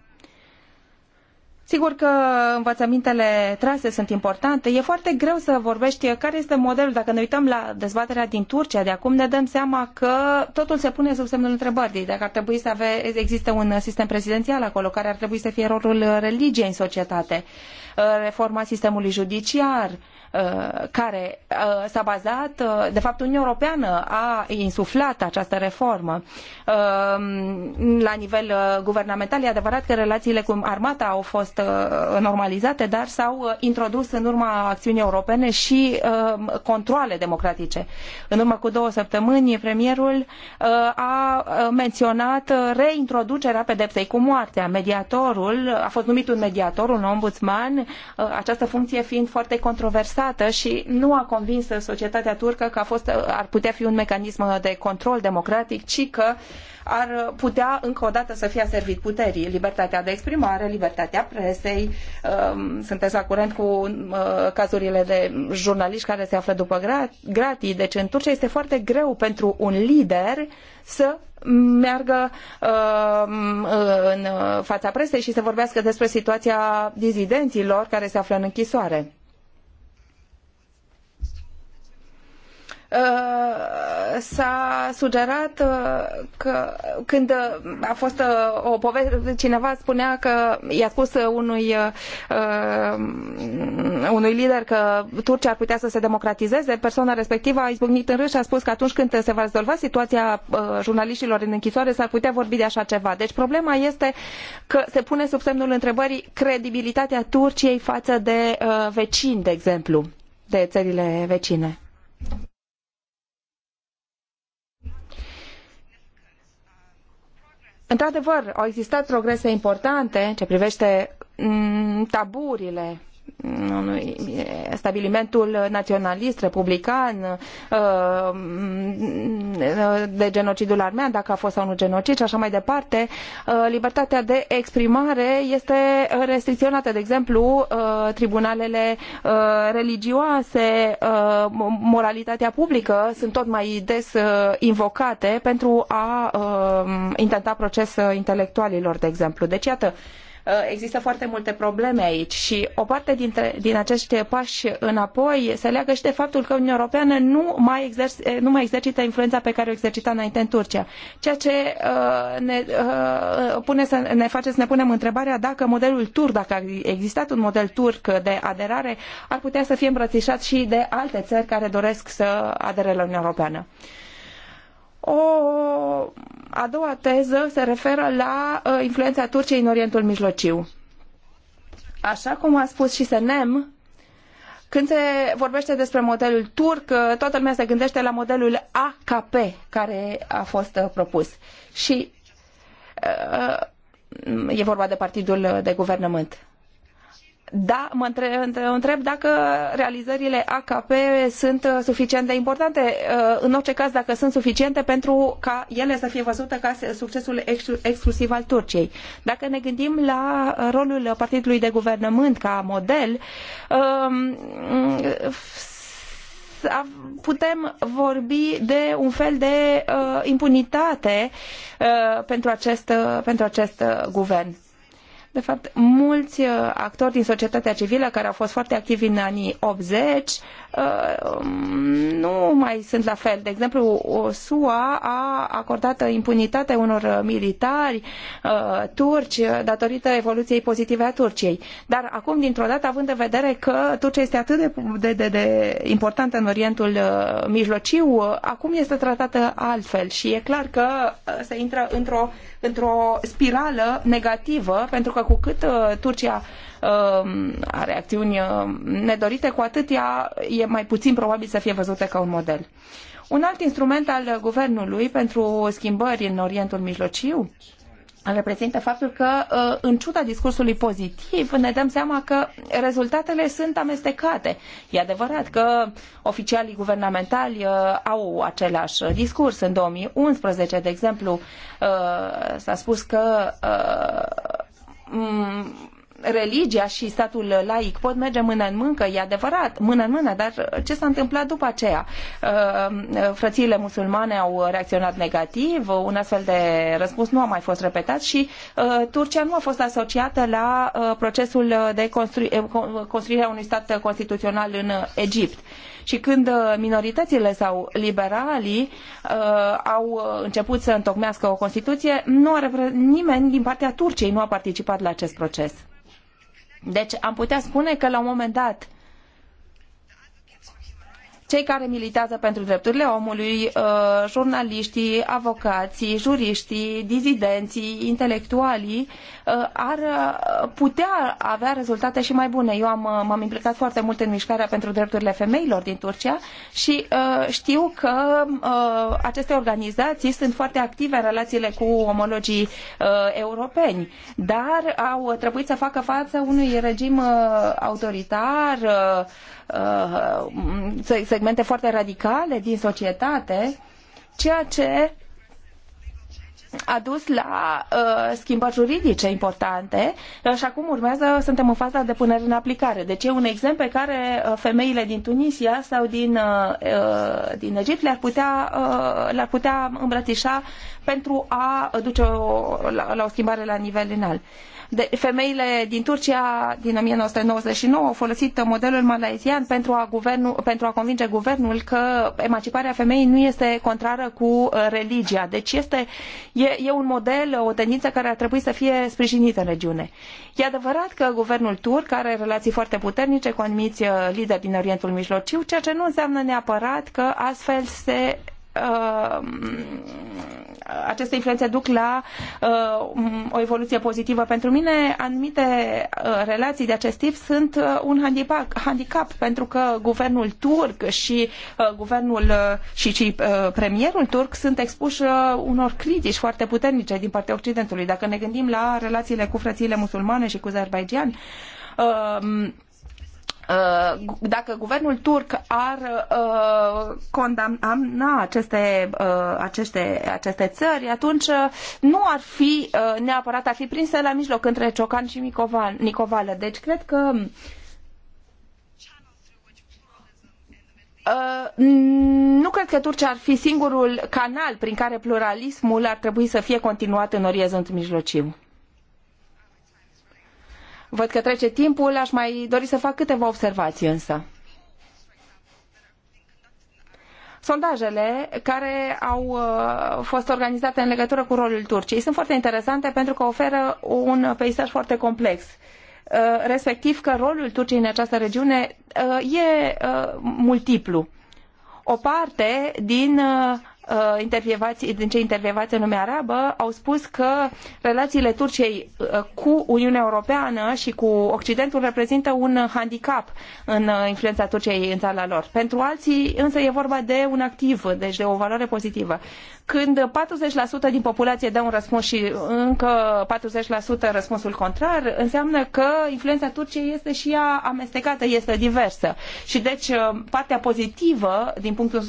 Sigur că învățămintele trase sunt importante. E foarte greu să vorbești care este modelul. Dacă ne uităm la dezbaterea din Turcia de acum, ne dăm seama că totul se pune sub semnul întrebării. Dacă ar trebui să ave, existe un sistem prezidențial acolo, care ar trebui să fie rolul religiei în societate, uh, reforma sistemului judiciar, Uh, care uh, s-a bazat, uh, de fapt Uniunea Europeană a insuflat această reformă. La nivel guvernamental e adevărat că relațiile cu armata au fost normalizate, dar s-au introdus în urma acțiunii europene și controle democratice. În urmă cu două săptămâni, premierul a menționat reintroducerea pedepsei cu moartea. Mediatorul, a fost numit un mediator, un ombudsman, această funcție fiind foarte controversată avansată și nu a convins societatea turcă că a fost, ar putea fi un mecanism de control democratic, ci că ar putea încă o dată să fie servit puterii. Libertatea de exprimare, libertatea presei, um, sunteți la curent cu uh, cazurile de jurnaliști care se află după gratii, deci în Turcia este foarte greu pentru un lider să meargă um, în fața presei și să vorbească despre situația dizidenților care se află în închisoare. Uh, s-a sugerat uh, că când uh, a fost o poveste, cineva spunea că i-a spus unui, unui lider că Turcia ar putea să se democratizeze, persoana respectivă a izbucnit în râs și a spus că atunci când se va rezolva situația jurnaliștilor în închisoare s-ar putea vorbi de așa ceva. Deci problema este că se pune sub semnul întrebării credibilitatea Turciei față de vecini, de exemplu, de țările vecine. Într-adevăr, au existat progrese importante în ce privește mm, taburile stabilimentul naționalist, republican, uh, de genocidul armean, dacă a fost sau nu genocid și așa mai departe, uh, libertatea de exprimare este restricționată. De exemplu, uh, tribunalele religioase, moralitatea publică sunt tot mai des invocate pentru a intenta proces intelectualilor, de exemplu. Deci, iată, Uh, există foarte multe probleme aici și o parte dintre, din acești pași înapoi se leagă și de faptul că Uniunea Europeană nu mai, eh, nu mai exercită influența pe care o exercita înainte în Turcia. Ceea ce uh, ne, uh, pune să ne face să ne punem întrebarea dacă modelul turc, dacă a existat un model turc de aderare, ar putea să fie îmbrățișat și de alte țări care doresc să adere la Uniunea Europeană. O a doua teză se referă la ă, influența Turciei în Orientul Mijlociu. Așa cum a spus și Senem, când se vorbește despre modelul turc, ă, toată lumea se gândește la modelul AKP care a fost ă, propus. Și e vorba de partidul de guvernământ da, mă întreb, dacă realizările AKP sunt uh, suficient de importante, uh, în orice caz dacă sunt suficiente pentru ca ele să fie văzute ca succesul exclusiv al Turciei. Dacă ne gândim la rolul Partidului de Guvernământ ca model, um, putem vorbi de un fel de uh, impunitate pentru acest, pentru acest guvern de fapt, mulți uh, actori din societatea civilă care au fost foarte activi în anii 80 uh, um, nu mai sunt la fel. De exemplu, SUA a acordat impunitate unor militari uh, turci datorită evoluției pozitive a Turciei. Dar acum, dintr-o dată, având în vedere că Turcia este atât de, de, de, de importantă în Orientul Mijlociu, acum este tratată altfel și e clar că se intră într-o într-o spirală negativă, pentru că cu cât uh, Turcia um, are acțiuni um, nedorite, cu atât ea e mai puțin probabil să fie văzută ca un model. Un alt instrument al guvernului pentru schimbări în Orientul Mijlociu reprezintă faptul că, uh, în ciuda discursului pozitiv, ne dăm seama că rezultatele sunt amestecate. E adevărat că oficialii guvernamentali uh, au același discurs. În 2011, de exemplu, uh, s-a spus că religia și statul laic pot merge mână în mâncă, e adevărat, mână în mână, dar ce s-a întâmplat după aceea? Uh, frățiile musulmane au reacționat negativ, un astfel de răspuns nu a mai fost repetat și uh, Turcia nu a fost asociată la uh, procesul de eh, construire a unui stat constituțional în Egipt. Și când minoritățile sau liberalii uh, au început să întocmească o Constituție, nu a nimeni din partea Turciei nu a participat la acest proces. Deci am putea spune că la un moment dat cei care militează pentru drepturile omului, uh, jurnaliștii, avocații, juriștii, dizidenții, intelectualii, Uh, ar uh, putea avea rezultate și mai bune. Eu am, uh, m-am implicat foarte mult în mișcarea pentru drepturile femeilor din Turcia și știu că aceste organizații sunt foarte active în relațiile cu omologii europeni, dar au trebuit să facă față unui regim autoritar, segmente foarte radicale din societate, ceea ce a dus la uh, schimbări juridice importante uh, și acum urmează, suntem în faza de punere în aplicare. Deci e un exemplu pe care uh, femeile din Tunisia sau din, uh, uh, din Egipt le-ar putea, uh, le-ar putea îmbrățișa pentru a duce o, la, la o schimbare la nivel înalt. Uh, de, femeile din Turcia din 1999 au folosit modelul malaysian pentru a, guvernu, pentru a convinge guvernul că emanciparea femeii nu este contrară cu uh, religia. Deci este e, e un model, o tendință care ar trebui să fie sprijinită în regiune. E adevărat că guvernul turc are relații foarte puternice cu anumiți uh, lideri din Orientul Mijlociu, ceea ce nu înseamnă neapărat că astfel se Uh, aceste influențe duc la uh, o evoluție pozitivă pentru mine. Anumite uh, relații de acest tip sunt un handicap, handicap pentru că guvernul turc și guvernul și, și premierul turc sunt expuși unor critici foarte puternice din partea Occidentului. Dacă ne gândim la relațiile cu frățiile musulmane și cu Azerbaijan, uh, Uh, dacă guvernul turc ar uh, condamna aceste, uh, aceste, aceste țări, atunci nu ar fi neapărat, ar fi prinse la mijloc între Ciocan și Nicovală. Deci cred că nu cred că Turcia ar fi singurul canal prin care pluralismul ar trebui să fie continuat în Orientul Mijlociu. Văd că trece timpul, aș mai dori să fac câteva observații însă. Sondajele care au uh, fost organizate în legătură cu rolul Turciei sunt foarte interesante pentru că oferă un peisaj foarte complex uh, respectiv că rolul Turciei în această regiune uh, e multiplu. O parte din uh, din cei intervievați în lumea arabă au spus că relațiile Turciei uh, cu Uniunea Europeană și cu Occidentul reprezintă un handicap în uh, influența Turciei în țara lor. Pentru alții însă e vorba de un activ, deci de o valoare pozitivă când 40% din populație dă un răspuns și încă 40% răspunsul contrar, înseamnă că influența Turciei este și ea amestecată, este diversă. Și deci uh, partea pozitivă, din punctul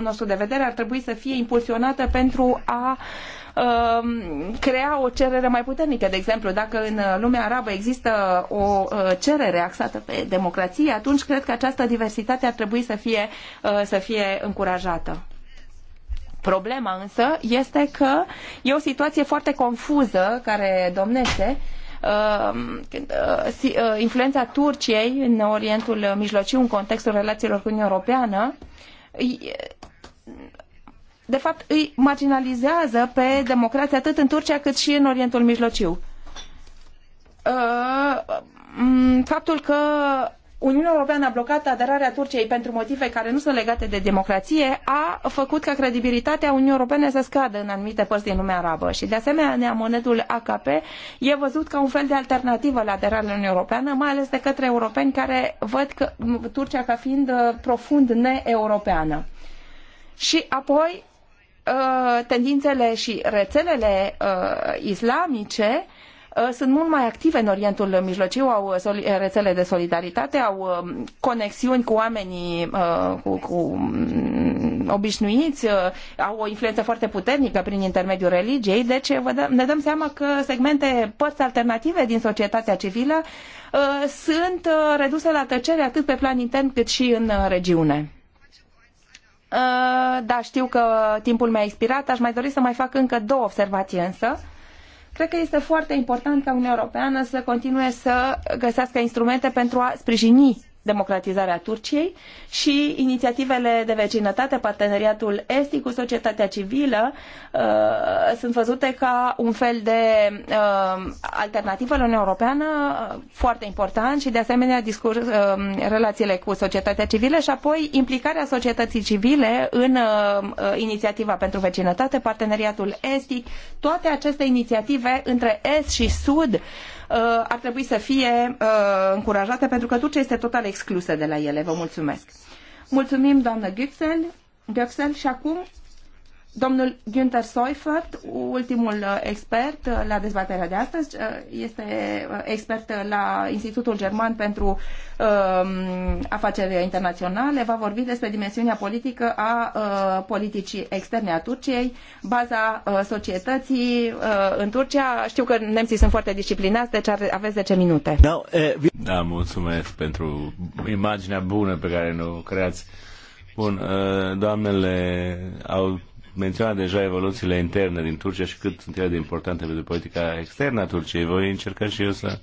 nostru de vedere, ar trebui să fie impulsionată pentru a um, crea o cerere mai puternică. De exemplu, dacă în uh, lumea arabă există o uh, cerere axată pe democrație, atunci cred că această diversitate ar trebui să fie, să fie încurajată. Problema însă este că e o situație foarte confuză care domnește uh, uh, uh, influența Turciei în Orientul Mijlociu, în contextul relațiilor cu Uniunea Europeană, de fapt îi marginalizează pe democrație atât în Turcia cât și în Orientul Mijlociu. Faptul că Uniunea Europeană a blocat aderarea Turciei pentru motive care nu sunt legate de democrație, a făcut ca credibilitatea Uniunii Europene să scadă în anumite părți din lumea arabă și de asemenea neamonedul AKP e văzut ca un fel de alternativă la aderarea Uniunii Europeană, mai ales de către europeni care văd că Turcia ca fiind uh, profund neeuropeană. Și apoi uh, tendințele și rețelele uh, islamice Uh, sunt mult mai active în Orientul Mijlociu, au uh, uh, rețele de solidaritate, au conexiuni cu oamenii cu, cu mm, obișnuiți, au o influență foarte puternică prin intermediul religiei, deci ne dăm seama că segmente, părți alternative din societatea civilă sunt reduse la tăcere atât pe plan intern cât și în regiune. Da, știu că timpul mi-a expirat, aș mai dori să mai fac încă două observații însă. Cred că este foarte important ca Uniunea Europeană să continue să găsească instrumente pentru a sprijini democratizarea Turciei și inițiativele de vecinătate, parteneriatul estic cu societatea civilă uh, sunt văzute ca un fel de uh, alternativă la Uniunea Europeană uh, foarte important și de asemenea discurs, relațiile cu societatea civilă și apoi implicarea societății civile în inițiativa pentru vecinătate, parteneriatul estic, toate aceste inițiative între Est și Sud Uh, ar trebui să fie uh, încurajate pentru că Turcia este total exclusă de la ele. Vă mulțumesc! Mulțumim, doamnă Güxel, Göxel și acum Domnul Günther Seufert, ultimul uh, expert uh, la dezbaterea de astăzi, uh, este expert la Institutul German pentru um, Afaceri Internaționale, va vorbi despre dimensiunea politică a politicii externe a Turciei, baza societății în Turcia. Știu că nemții sunt foarte disciplinați, deci aveți 10 minute. Da, mulțumesc pentru imaginea bună pe care ne-o creați. Bun, doamnele au menționa deja evoluțiile interne din Turcia și cât sunt ele de importante pentru politica externă a Turciei. Voi încerca și eu să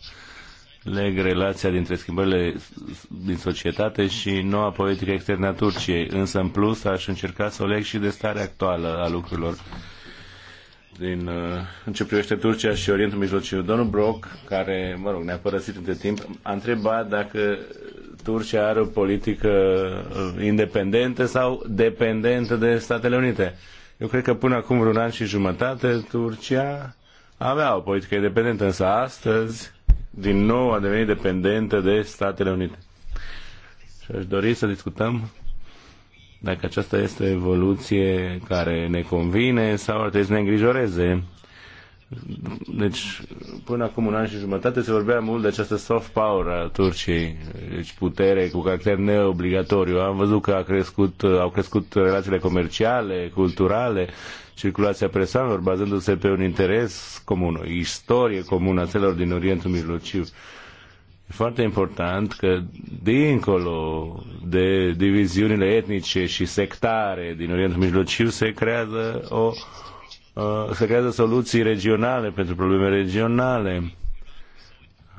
leg relația dintre schimbările din societate și noua politică externă a Turciei. Însă, în plus, aș încerca să o leg și de starea actuală a lucrurilor din, uh, în ce privește Turcia și Orientul Mijlociu. Domnul Brock, care, mă rog, ne-a părăsit între timp, a întrebat dacă Turcia are o politică uh, independentă sau dependentă de Statele Unite. Eu cred că până acum vreun an și jumătate Turcia avea o politică independentă, însă astăzi din nou a devenit dependentă de Statele Unite. Și aș dori să discutăm dacă aceasta este o evoluție care ne convine sau ar trebui să ne îngrijoreze. Deci, până acum un an și jumătate se vorbea mult de această soft power a Turciei, deci putere cu caracter neobligatoriu. Am văzut că a crescut, au crescut relațiile comerciale, culturale, circulația persoanelor, bazându-se pe un interes comun, o istorie comună a celor din Orientul Mijlociu. E foarte important că, dincolo de diviziunile etnice și sectare din Orientul Mijlociu, se creează o uh, Uh, să creează soluții regionale pentru probleme regionale.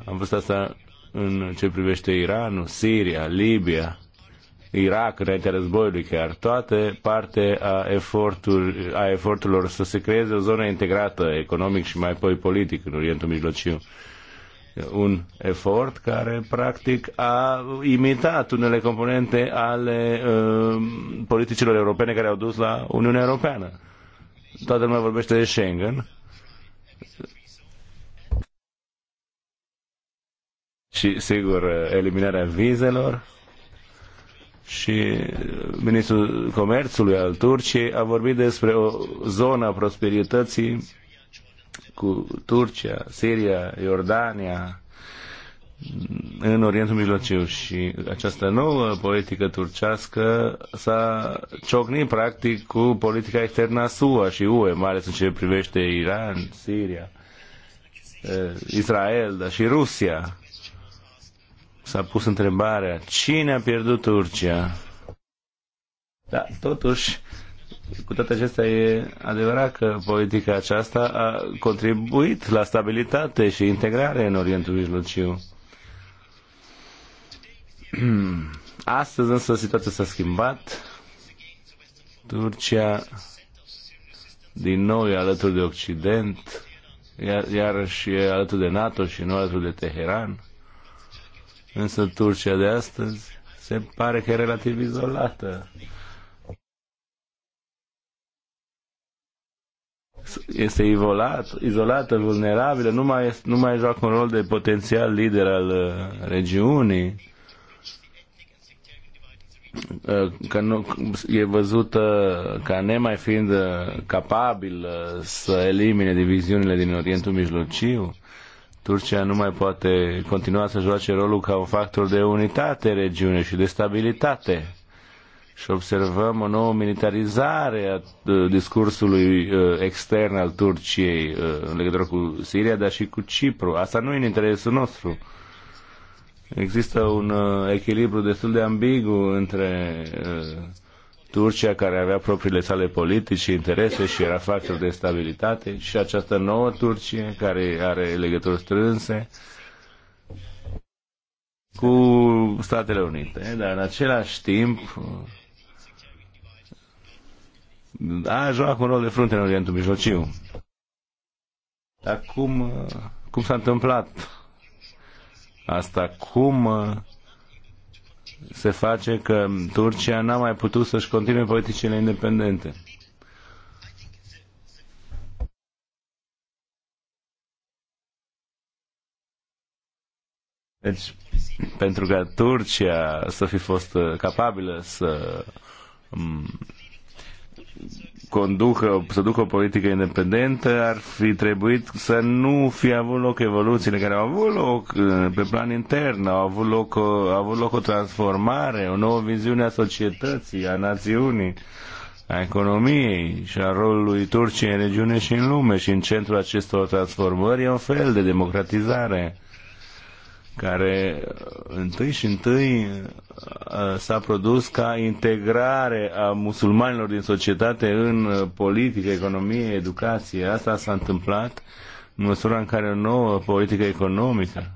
Am văzut asta în ce privește Iranul, Siria, Libia, Irak, înaintea războiului chiar, toate parte a, eforturi, a eforturilor să se creeze o zonă integrată economic și mai apoi politic în Orientul Mijlociu. Un efort care practic a imitat unele componente ale uh, politicilor europene care au dus la Uniunea Europeană toată lumea vorbește de Schengen. Și, sigur, eliminarea vizelor. Și ministrul comerțului al Turciei a vorbit despre o zonă a prosperității cu Turcia, Siria, Iordania, în Orientul Mijlociu și această nouă politică turcească s-a ciocnit practic cu politica externă a SUA și UE, mai ales în ce privește Iran, Siria, eh, Israel, dar și Rusia. S-a pus întrebarea cine a pierdut Turcia? Da, totuși, cu toate acestea, e adevărat că politica aceasta a contribuit la stabilitate și integrare în Orientul Mijlociu Astăzi însă situația s-a schimbat. Turcia din nou e alături de Occident, iar, și e alături de NATO și nu alături de Teheran. Însă Turcia de astăzi se pare că e relativ izolată. Este izolat, izolată, vulnerabilă, nu mai, nu mai joacă un rol de potențial lider al uh, regiunii Eh, că nu, e văzută ca nemai fiind eh, capabil eh, să elimine diviziunile din Orientul Mijlociu. Turcia nu mai poate continua să joace rolul ca un factor de unitate regiune și de stabilitate. Și observăm o nouă militarizare a discursului extern al Turciei în legătură cu Siria, dar și cu Cipru. Asta nu e în interesul nostru. Există un uh, echilibru destul de ambigu între uh, Turcia, care avea propriile sale politici și interese și era factor de stabilitate, și această nouă Turcie, care are legături strânse cu Statele Unite. Dar în același timp uh, a joacă un rol de frunte în Orientul Mijlociu. Dar cum, cum s-a întâmplat asta? Cum uh, se face că Turcia n-a mai putut să-și continue politicile independente? Deci, pentru că Turcia să fi fost uh, capabilă să um, conducă, să ducă o politică independentă, ar fi trebuit să nu fi avut loc evoluțiile care au avut loc uh, pe plan intern, au avut loc, uh, au avut loc o transformare, o nouă viziune a societății, a națiunii, a economiei și a rolului Turciei în regiune și în lume și în centrul acestor transformări e un fel de democratizare care uh, întâi și întâi uh, uh, s-a produs ca integrare a musulmanilor din societate în politică, economie, educație. Asta s-a întâmplat în măsura în care o nouă politică economică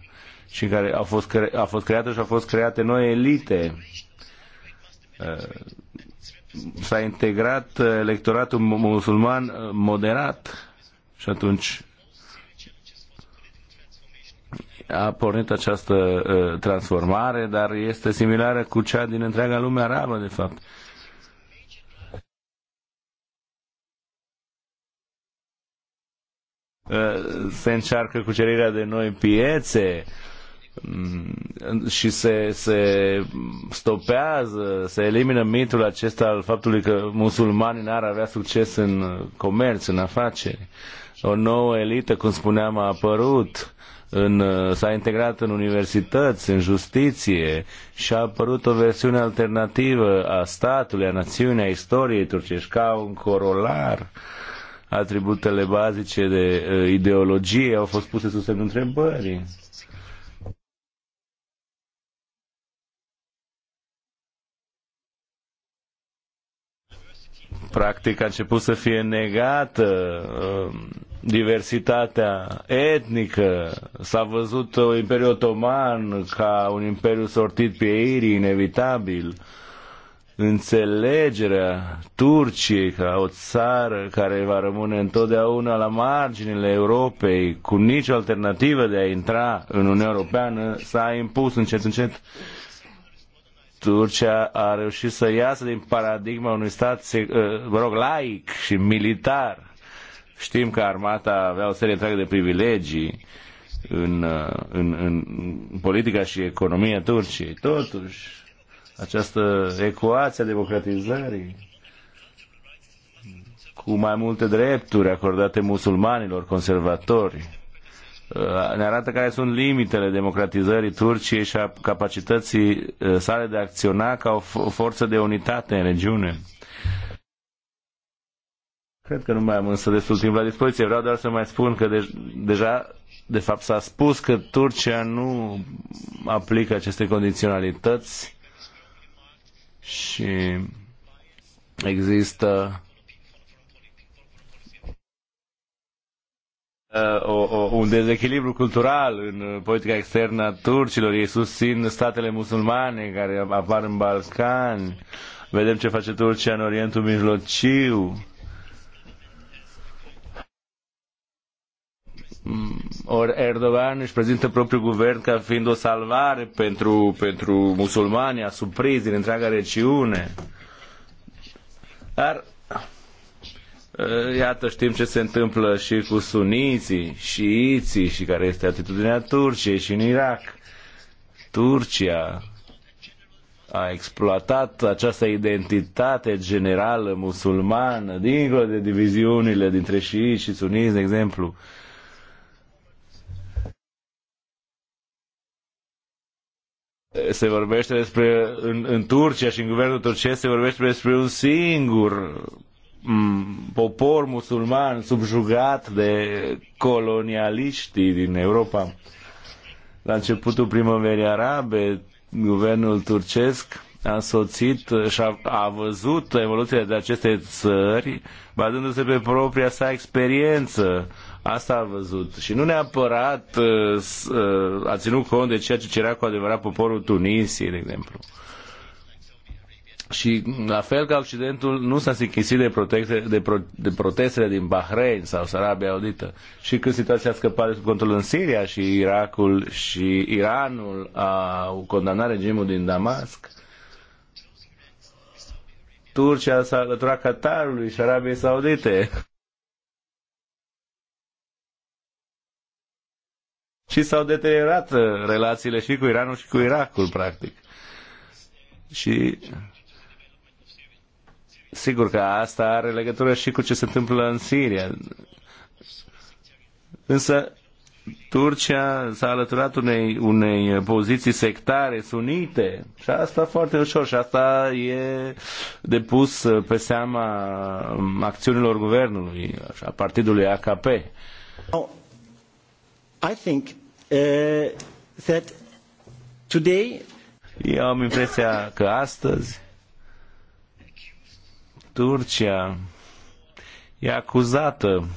și în care au fost cre- a fost creată și au fost create noi elite. S-a integrat electoratul musulman moderat și atunci a pornit această uh, transformare, dar este similară cu cea din întreaga lume arabă, de fapt. Ă, se încearcă cucerirea de noi piețe, mm, și se, se stopează, se elimină mitul acesta al faptului că musulmanii n-ar avea succes în comerț, în afaceri. O nouă elită, cum spuneam, a apărut în, uh, s-a integrat în universități, în justiție și a apărut o versiune alternativă a statului, a națiunii, a istoriei turcești, ca un corolar. Atributele bazice de uh, ideologie au fost puse sub semnul întrebării practic a început să fie negată um, diversitatea etnică. S-a văzut Imperiul Otoman ca un imperiu sortit irii, inevitabil. Înțelegerea Turciei ca o țară care va rămâne întotdeauna la marginile Europei, cu nicio alternativă de a intra în Uniunea Europeană, s-a impus încet, încet Turcia a reușit să iasă din paradigma unui stat, uh, mă rog, laic și militar. Știm că armata avea o serie întreagă de privilegii în, uh, în, în politica și economia Turciei. Totuși, această ecuație a democratizării cu mai multe drepturi acordate musulmanilor conservatori Uh, ne arată care sunt limitele democratizării Turciei și a capacității uh, sale de a acționa ca o forță de unitate în regiune. Cred că nu mai am însă destul timp la dispoziție. Vreau doar să mai spun că de- deja, de fapt, s-a spus că Turcia nu aplică aceste condiționalități și există Uh, o, o, un dezechilibru cultural în uh, politica externă a turcilor. Ei susțin statele musulmane care apar în Balcani. Vedem ce face Turcia în Orientul Mijlociu. Mm, Or Erdogan își prezintă propriul guvern ca fiind o salvare pentru, pentru musulmani, a surprins din întreaga regiune. Dar Uh, iată, știm ce se întâmplă și cu suniții, și iții, și care este atitudinea Turciei și în Irak. Turcia a exploatat această identitate generală musulmană, dincolo de diviziunile dintre șiiți și suniți, de exemplu. se vorbește despre, în, în Turcia și în guvernul turcesc se vorbește despre un singur popor musulman subjugat de colonialiștii din Europa. La începutul primăverii arabe, guvernul turcesc a soțit și a, a văzut evoluția de aceste țări bazându-se pe propria sa experiență. Asta a văzut. Și nu neapărat uh, uh, a ținut cont de ceea ce cerea cu adevărat poporul Tunisiei, de exemplu. Și la fel ca Occidentul nu s-a sichisit de, protecte, de, pro, de protestele din Bahrain sau Arabia Saudită. Și când situația a scăpat de sub control în Siria și Irakul și Iranul au condamnat regimul din Damasc, Turcia s-a alăturat Qatarului și Arabiei Saudite. Și s-au deteriorat relațiile și cu Iranul și cu Irakul, practic. Și Sigur că asta are legătură și cu ce se întâmplă în Siria. Însă Turcia s-a alăturat unei, unei poziții sectare, sunite, și asta foarte ușor, și asta e depus pe seama acțiunilor guvernului, a partidului AKP. Now, I think uh, that today... Eu am impresia că astăzi Turcia e acuzată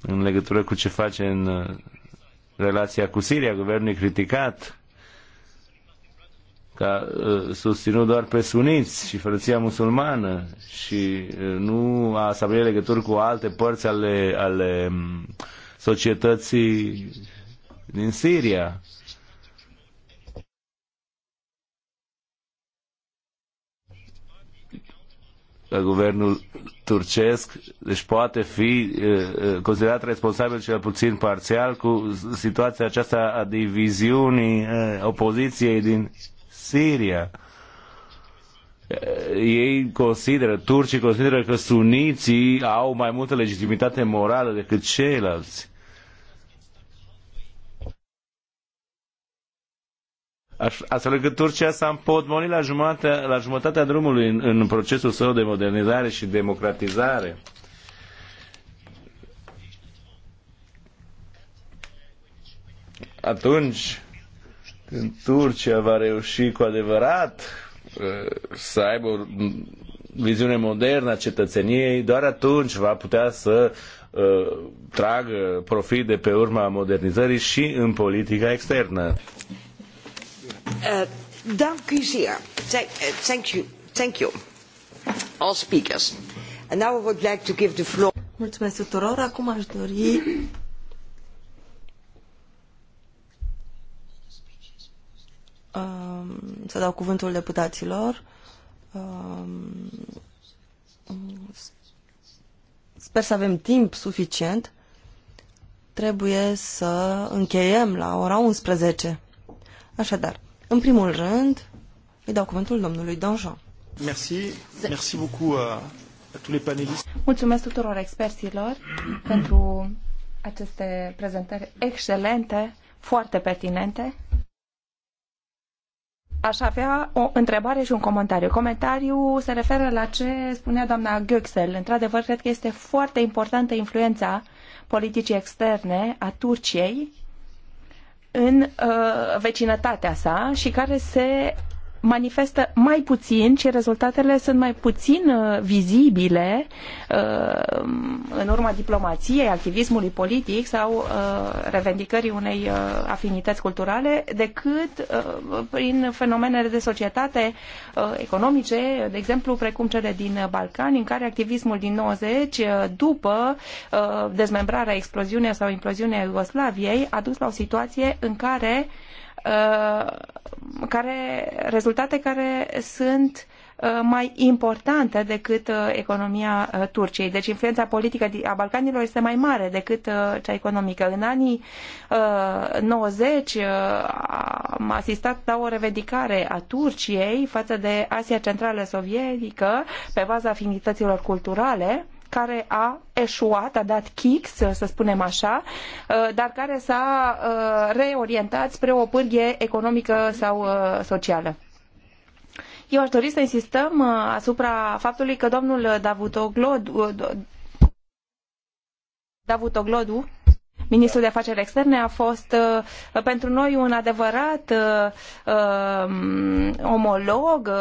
în legătură cu ce face în uh, relația cu Siria. Guvernul e criticat ca uh, susținut doar pe suniți și frăția musulmană și uh, nu a stabilit legături cu alte părți ale, ale um, societății din Siria. guvernul turcesc deci poate fi considerat responsabil cel puțin parțial cu situația aceasta a diviziunii opoziției din Siria. Ei consideră, turcii consideră că suniții au mai multă legitimitate morală decât ceilalți astfel încât Turcia s-a împotmolit la jumătatea, la jumătatea drumului în, în procesul său de modernizare și democratizare. Atunci când Turcia va reuși cu adevărat uh, să aibă o viziune modernă a cetățeniei, doar atunci va putea să uh, tragă profit de pe urma modernizării și în politica externă. Uh, dank u zeer. Eh, thank you. Thank you. All speakers. And now I would like to give the floor. Mulțumesc tuturor. Acum aș dori um, să dau cuvântul deputaților. Um, sper să avem timp suficient. Trebuie să încheiem la ora 11. Așadar, în primul rând, îi dau cuvântul domnului Danjean. Merci, merci beaucoup à, à tous les Mulțumesc tuturor experților pentru aceste prezentări excelente, foarte pertinente. Aș avea o întrebare și un comentariu. Comentariu se referă la ce spunea doamna Göxel. Într-adevăr, cred că este foarte importantă influența politicii externe a Turciei în uh, vecinătatea sa și care se manifestă mai puțin și rezultatele sunt mai puțin uh, vizibile uh, în urma diplomației, activismului politic sau uh, revendicării unei afinități culturale decât prin fenomenele de societate economice, de exemplu precum cele din Balcani, în care activismul din 90, după dezmembrarea, exploziunea sau imploziunea Iugoslaviei, a dus la o situație în care uh, Uh, care, rezultate care sunt uh, mai importante decât uh, economia Turciei. Deci influența politică a Balcanilor este mai mare decât cea economică. În anii 90 am asistat la o revendicare a Turciei față de Asia Centrală Sovietică pe baza afinităților culturale care a eșuat, a dat kicks, să spunem așa, uh, dar care s-a uh, reorientat spre o pârghie economică sau uh, socială. Eu aș dori să insistăm asupra faptului că domnul Davutoglodu, Davutoglodu Ministrul de afaceri externe, a fost uh, pentru noi un adevărat uh, um, omolog, uh,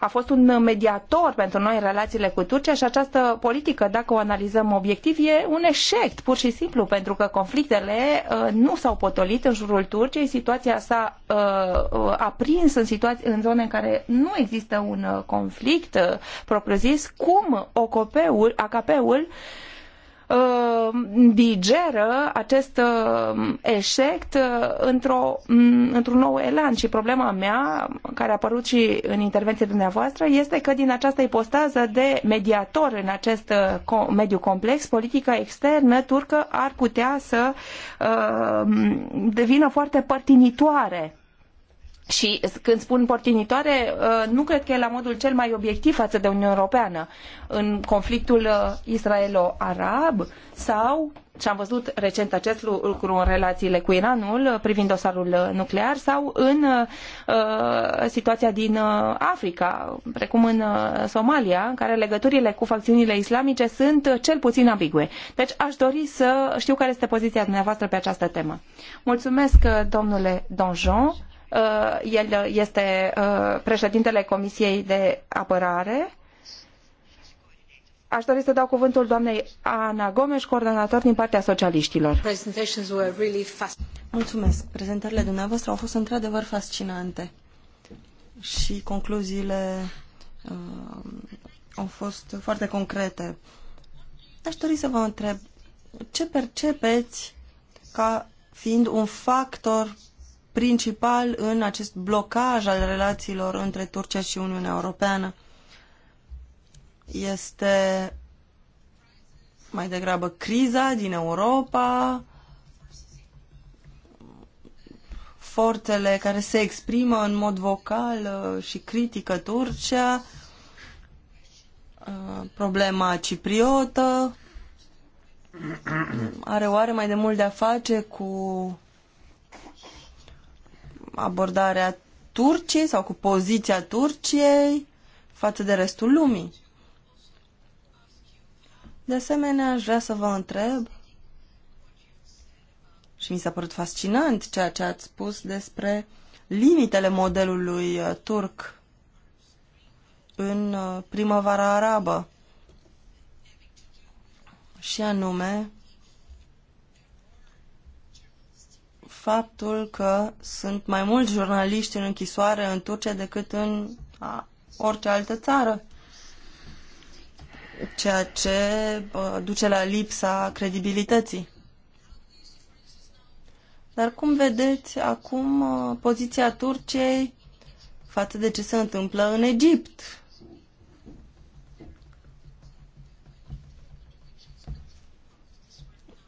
a fost un mediator pentru noi în relațiile cu Turcia și această politică, dacă o analizăm obiectiv, e un eșec, pur și simplu, pentru că conflictele nu s-au potolit în jurul Turciei, situația s-a aprins în, situații, în zone în care nu există un conflict propriu-zis, cum OCP-ul, AKP-ul Uh, digeră acest uh, eșec uh, într-o, într-un nou elan și problema mea, care a apărut și în intervenția dumneavoastră, este că din această ipostază de mediator în acest mediu complex, politica externă turcă ar putea să devină foarte părtinitoare și când spun portinitoare, uh, nu cred că e la modul cel mai obiectiv față de Uniunea Europeană în conflictul uh, israelo-arab sau, și am văzut recent acest lucru în relațiile cu Iranul uh, privind dosarul nuclear sau în uh, situația din Africa, precum în Somalia, în care legăturile cu facțiunile islamice sunt cel puțin ambigue. Deci aș dori să știu care este poziția dumneavoastră pe această temă. Mulțumesc, domnule Donjon. Uh, el este uh, președintele Comisiei de Apărare. Aș dori să dau cuvântul doamnei Ana Gomes, coordonator din partea socialiștilor. Mulțumesc. Prezentările dumneavoastră au fost într-adevăr fascinante și concluziile uh, au fost foarte concrete. Aș dori să vă întreb ce percepeți ca fiind un factor principal în acest blocaj al relațiilor între Turcia și Uniunea Europeană. Este mai degrabă criza din Europa, forțele care se exprimă în mod vocal uh, și critică Turcia, uh, problema cipriotă, are oare mai de mult de a face cu abordarea Turciei sau cu poziția Turciei față de restul lumii. De asemenea, aș vrea să vă întreb și mi s-a părut fascinant ceea ce ați spus despre limitele modelului uh, turc în uh, primăvara arabă. Și anume, faptul că sunt mai mulți jurnaliști în închisoare în Turcia decât în orice altă țară, ceea ce a, duce la lipsa credibilității. Dar cum vedeți acum a, uh, poziția Turciei față de ce se întâmplă în Egipt?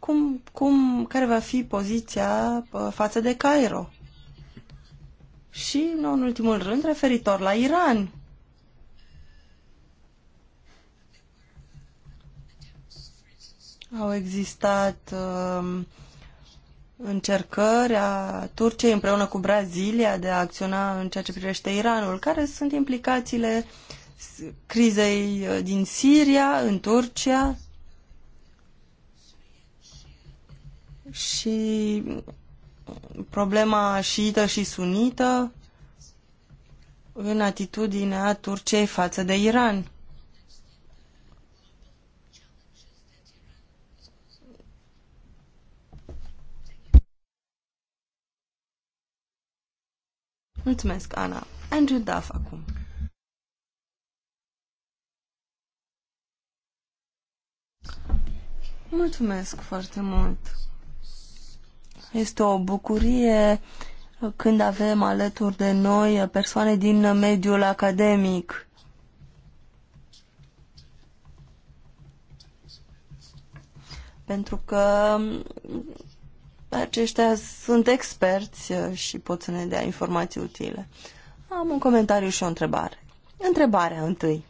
Cum, cum, care va fi poziția uh, față de Cairo? Și, nu în ultimul rând, referitor la Iran. Au existat uh, încercări a Turciei împreună cu Brazilia de a acționa în ceea ce privește Iranul. Care sunt implicațiile crizei uh, din Siria, în Turcia? și problema șiită și sunită în atitudinea Turciei față de Iran. Mulțumesc, Ana. Andrew Duff acum. Mulțumesc foarte mult. Este o bucurie când avem alături de noi persoane din mediul academic. Pentru că aceștia sunt experți și pot să ne dea informații utile. Am un comentariu și o întrebare. Întrebarea întâi.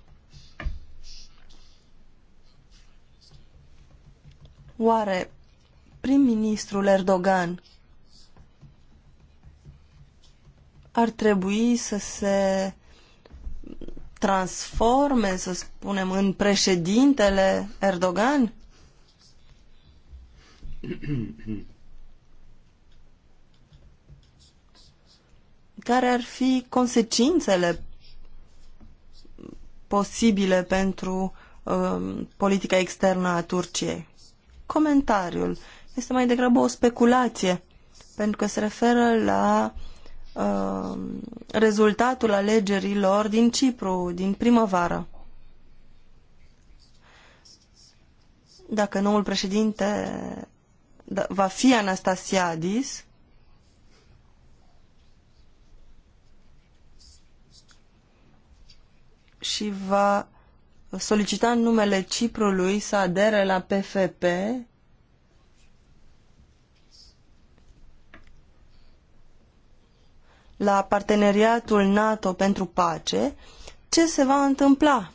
Oare prim-ministrul Erdogan ar trebui să se transforme, să spunem, în președintele Erdogan? Care ar fi consecințele posibile pentru uh, politica externă a Turciei? Comentariul este mai degrabă o speculație, pentru că se referă la uh, rezultatul alegerilor din Cipru, din primăvară. Dacă noul președinte da, va fi Anastasiadis, și va solicita numele Ciprului să adere la PFP, la parteneriatul NATO pentru pace, ce se va întâmpla?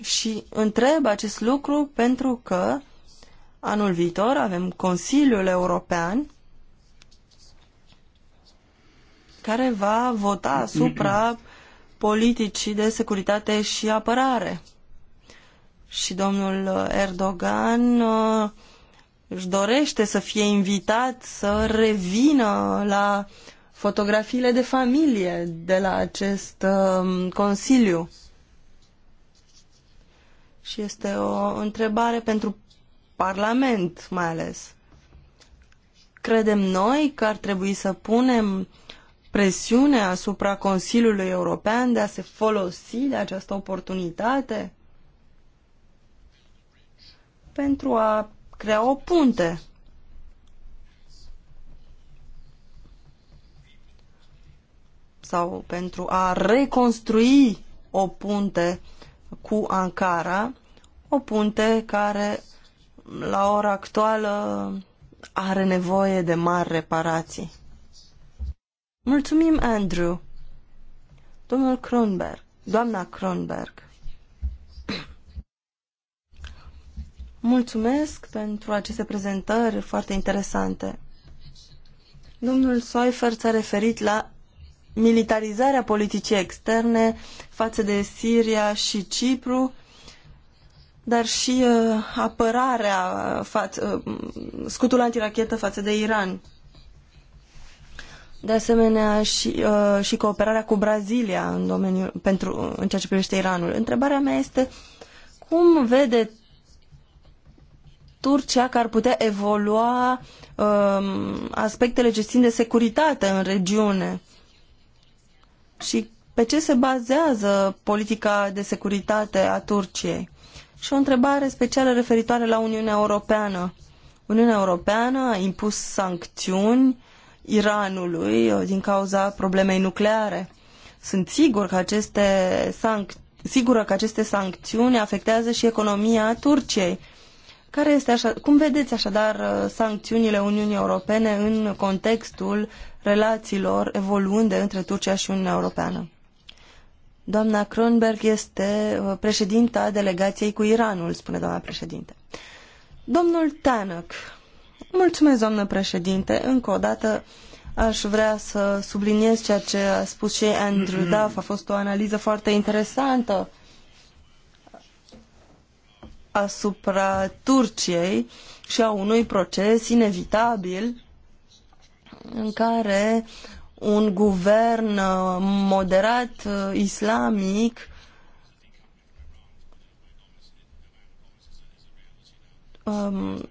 Și întreb acest lucru pentru că anul viitor avem Consiliul European care va vota asupra politicii de securitate și apărare. Și domnul Erdogan uh, își dorește să fie invitat să revină la fotografiile de familie de la acest uh, consiliu. Și este o întrebare pentru Parlament mai ales. Credem noi că ar trebui să punem presiune asupra Consiliului European de a se folosi de această oportunitate pentru a crea o punte. sau pentru a reconstrui o punte cu Ankara, o punte care la ora actuală are nevoie de mari reparații. Mulțumim, Andrew. Domnul Kronberg, doamna Kronberg. Mulțumesc pentru aceste prezentări foarte interesante. Domnul Soifer s-a referit la militarizarea politicii externe față de Siria și Cipru, dar și uh, apărarea, față, uh, scutul antirachetă față de Iran. De asemenea și, uh, și cooperarea cu Brazilia în, domeniul, pentru, în ceea ce privește Iranul. Întrebarea mea este cum vede Turcia că ar putea evolua um, aspectele ce țin de securitate în regiune. Și pe ce se bazează politica de securitate a Turciei? Și o întrebare specială referitoare la Uniunea Europeană. Uniunea Europeană a impus sancțiuni Iranului uh, din cauza problemei nucleare. Sunt sigur că aceste sanc- sigură că aceste sancțiuni afectează și economia Turciei care este așa, cum vedeți așadar uh, sancțiunile Uniunii Europene în contextul relațiilor evoluânde între Turcia și Uniunea Europeană? Doamna Kronberg este uh, președinta delegației cu Iranul, spune doamna președinte. Domnul Tanăk, mulțumesc, doamnă președinte, încă o dată aș vrea să subliniez ceea ce a spus și Andrew Duff, a fost o analiză foarte interesantă asupra Turciei și a unui proces inevitabil în care un guvern uh, moderat uh, islamic um,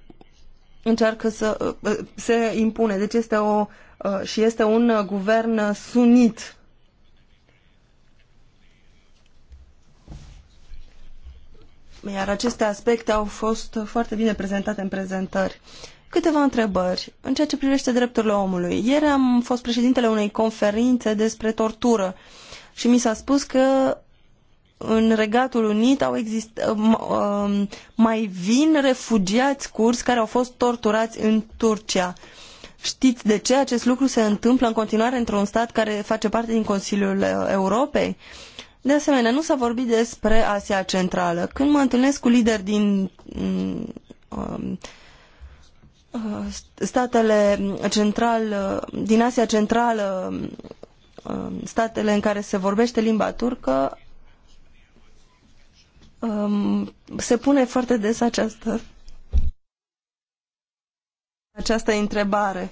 încearcă să uh, se impune. Deci este o și este un guvern sunit Iar aceste aspecte au fost foarte bine prezentate în prezentări. Câteva întrebări. În ceea ce privește drepturile omului, ieri am fost președintele unei conferințe despre tortură și mi s-a spus că în Regatul Unit au exist, um, um, mai vin refugiați curs care au fost torturați în Turcia. Știți de ce acest lucru se întâmplă în continuare într-un stat care face parte din Consiliul uh, Europei? Uh, de asemenea, nu s-a vorbit despre Asia Centrală. Când mă întâlnesc cu lideri din mm, um, uh, statele central, uh, din Asia Centrală, um, statele în care se vorbește limba turcă, um, se pune foarte des această, această întrebare.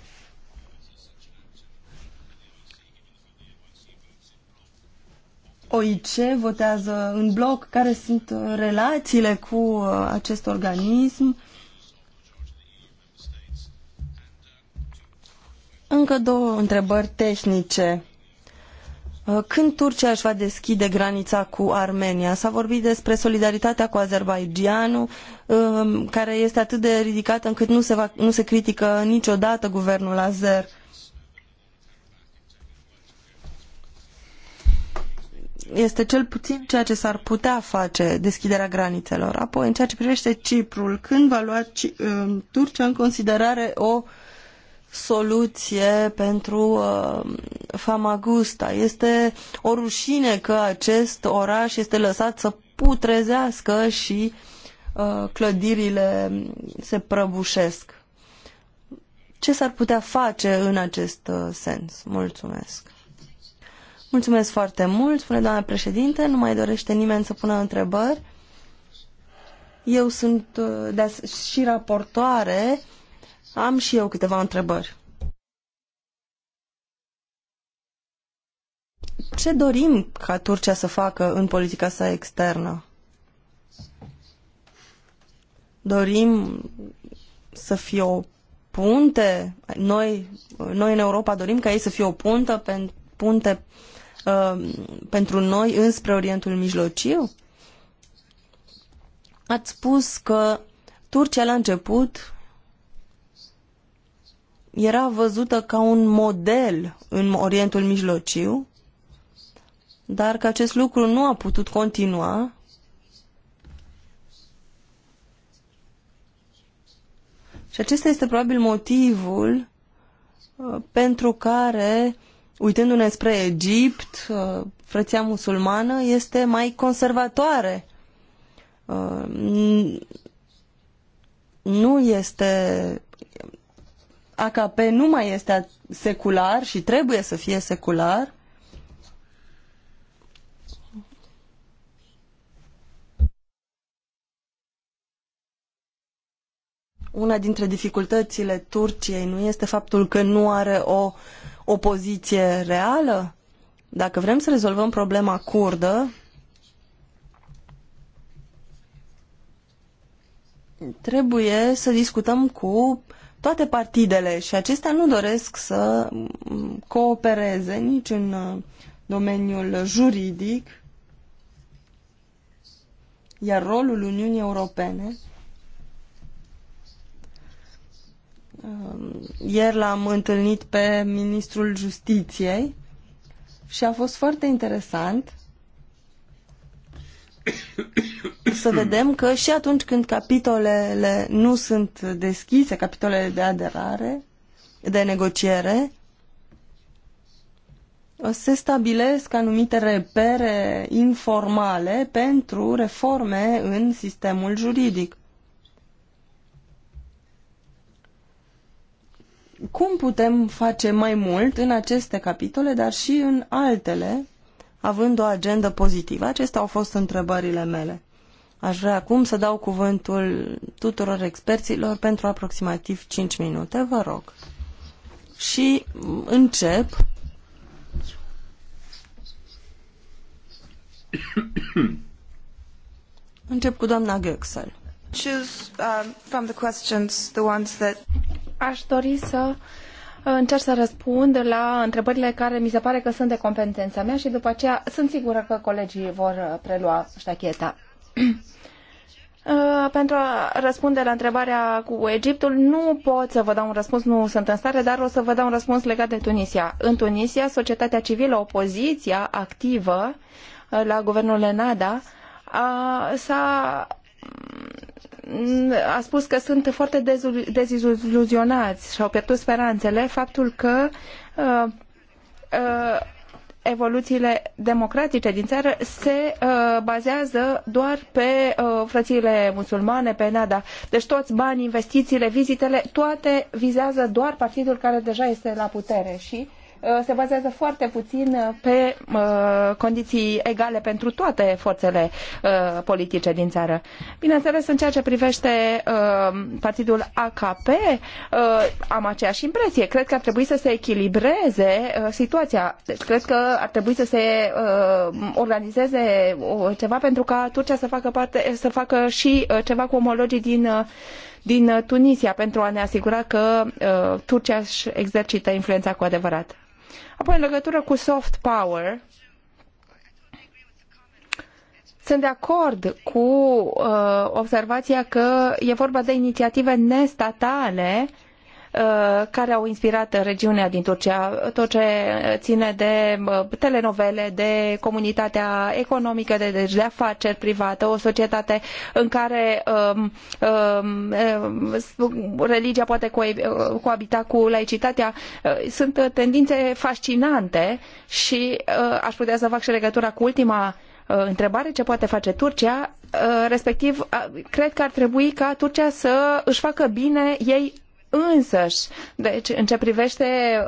OIC votează în bloc, care sunt uh, relațiile cu uh, acest organism. Încă două întrebări tehnice. Uh, când Turcia își va deschide granița cu Armenia? S-a vorbit despre solidaritatea cu Azerbaijanul, um, care este atât de ridicată încât nu se, va, nu se critică niciodată guvernul azer. este cel puțin ceea ce s-ar putea face deschiderea granițelor. Apoi, în ceea ce privește Ciprul, când va lua um, Turcia în considerare o soluție pentru uh, Famagusta. Este o rușine că acest oraș este lăsat să putrezească și uh, clădirile se prăbușesc. Ce s-ar putea face în acest uh, sens? Mulțumesc. Mulțumesc foarte mult, spune doamna președinte, nu mai dorește nimeni să pună întrebări. Eu sunt uh, și raportoare, am și eu câteva întrebări. Ce dorim ca Turcia să facă în politica sa externă? Dorim să fie o punte, noi, noi în Europa dorim ca ei să fie o punte pentru punte Um, pentru noi înspre Orientul Mijlociu? Ați spus că Turcia la început era văzută ca un model în Orientul Mijlociu, dar că acest lucru nu a putut continua Și acesta este probabil motivul uh, pentru care uitându-ne spre Egipt, uh, frăția musulmană este mai conservatoare. Uh, nu este... AKP nu mai este secular și trebuie să fie secular. Una dintre dificultățile Turciei nu este faptul că nu are o opoziție reală? Dacă vrem să rezolvăm problema curdă, trebuie să discutăm cu toate partidele și acestea nu doresc să coopereze nici în uh, domeniul juridic, iar rolul Uniunii Europene Um, ieri l-am întâlnit pe ministrul justiției și a fost foarte interesant să vedem că și atunci când capitolele nu sunt deschise, capitolele de aderare, de negociere, se stabilesc anumite repere informale pentru reforme în sistemul juridic. cum putem face mai mult în aceste capitole, dar și în altele, având o agendă pozitivă? Acestea au fost întrebările mele. Aș vrea acum să dau cuvântul tuturor experților pentru aproximativ 5 minute, vă rog. Și încep Încep cu doamna Göxel. Choose um, from the questions the ones that... Aș dori să încerc să răspund la întrebările care mi se pare că sunt de competența mea și după aceea sunt sigură că colegii vor uh, prelua ștacheta. Uh, pentru a răspunde la întrebarea cu Egiptul, nu pot să vă dau un răspuns, nu sunt în stare, dar o să vă dau un răspuns legat de Tunisia. În Tunisia, societatea civilă, opoziția activă uh, la guvernul Enada, s-a a spus că sunt foarte deziluzionați și au pierdut speranțele faptul că uh, uh, evoluțiile democratice din țară se uh, bazează doar pe uh, frățiile musulmane, pe NADA. Deci toți banii, investițiile, vizitele, toate vizează doar partidul care deja este la putere și Uh, se bazează foarte puțin uh, pe uh, condiții egale pentru toate forțele politice din țară. Bineînțeles, în ceea ce privește partidul AKP, am aceeași impresie. Cred că ar trebui să se echilibreze situația. Deci, cred că ar trebui să se organizeze ceva pentru ca Turcia să facă, parte, să facă și ceva cu omologii din din Tunisia pentru a ne asigura că uh, Turcia își exercită influența cu adevărat. Apoi, în legătură cu soft power, sunt de acord cu uh, observația că e vorba de inițiative nestatale uh, Uh, care au inspirat regiunea din Turcia, tot ce ține de uh, telenovele, de comunitatea economică, de, deci de afaceri private, o societate în care um, um, uh, religia poate coabita cu laicitatea. Sunt tendințe fascinante și uh, aș putea să fac și legătura cu ultima întrebare ce poate face Turcia, respectiv cred că ar trebui ca Turcia să își facă bine ei însăși. Deci, în ce privește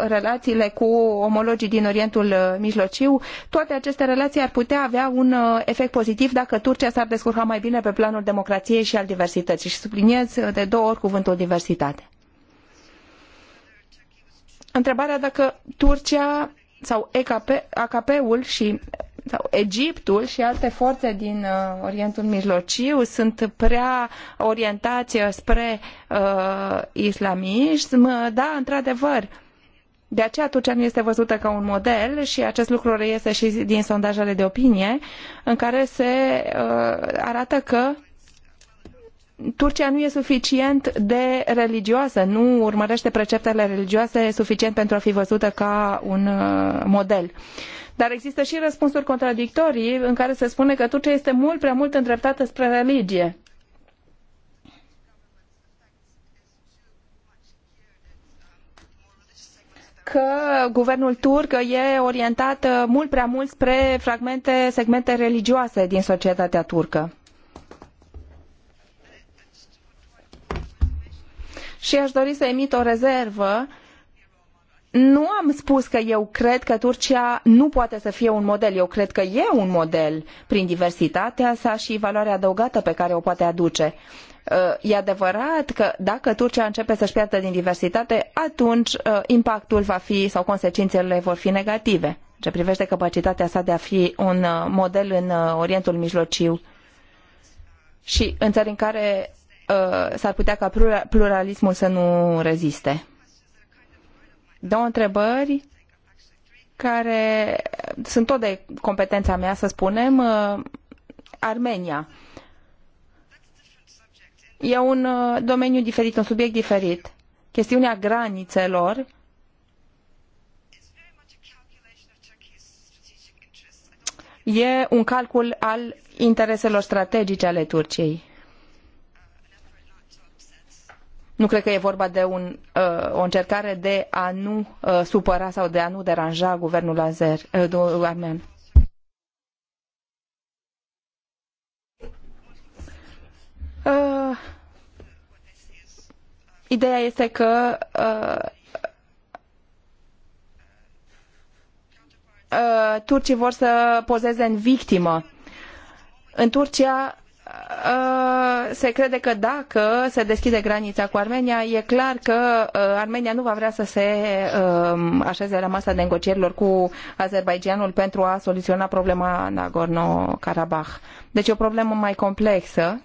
relațiile cu omologii din Orientul uh, Mijlociu, toate aceste relații ar putea avea un uh, efect pozitiv dacă Turcia s-ar descurca mai bine pe planul democrației și al diversității. Și subliniez uh, de două ori cuvântul diversitate. Întrebarea dacă Turcia sau AKP-ul și sau Egiptul și alte forțe din uh, Orientul Mijlociu sunt prea orientați uh, spre uh, islamism, da, într-adevăr. De aceea Turcia nu este văzută ca un model și acest lucru reiese și din sondajele de opinie în care se uh, arată că Turcia nu e suficient de religioasă, nu urmărește preceptele religioase suficient pentru a fi văzută ca un uh, model. Uh, dar există și răspunsuri contradictorii în care se spune că Turcia este mult prea mult îndreptată spre religie. că guvernul turc e orientat uh, mult prea mult spre fragmente, segmente religioase din societatea turcă. Și aș dori să emit o rezervă nu am spus că eu cred că Turcia nu poate să fie un model. Eu cred că e un model prin diversitatea sa și valoarea adăugată pe care o poate aduce. Uh, e adevărat că dacă Turcia începe să-și piardă din diversitate, atunci uh, impactul va fi sau consecințele vor fi negative în ce privește capacitatea sa de a fi un uh, model în Orientul Mijlociu și în țări în care s-ar putea ca pluralismul să nu reziste. Două întrebări care sunt tot de competența mea, să spunem, uh, Armenia. E un uh, domeniu diferit, un subiect diferit. Chestiunea granițelor e un calcul al intereselor strategice ale Turciei. Nu cred că e vorba de un, uh, o încercare de a nu uh, supăra sau de a nu deranja guvernul azer, uh, armen. Uh, ideea este că uh, uh, turcii vor să pozeze în victimă. În Turcia uh, se crede că dacă se deschide granița cu Armenia, e clar că uh, Armenia nu va vrea să se um, așeze la masa negocierilor cu Azerbaijanul pentru a soluționa problema Nagorno-Karabakh. Deci e o problemă mai complexă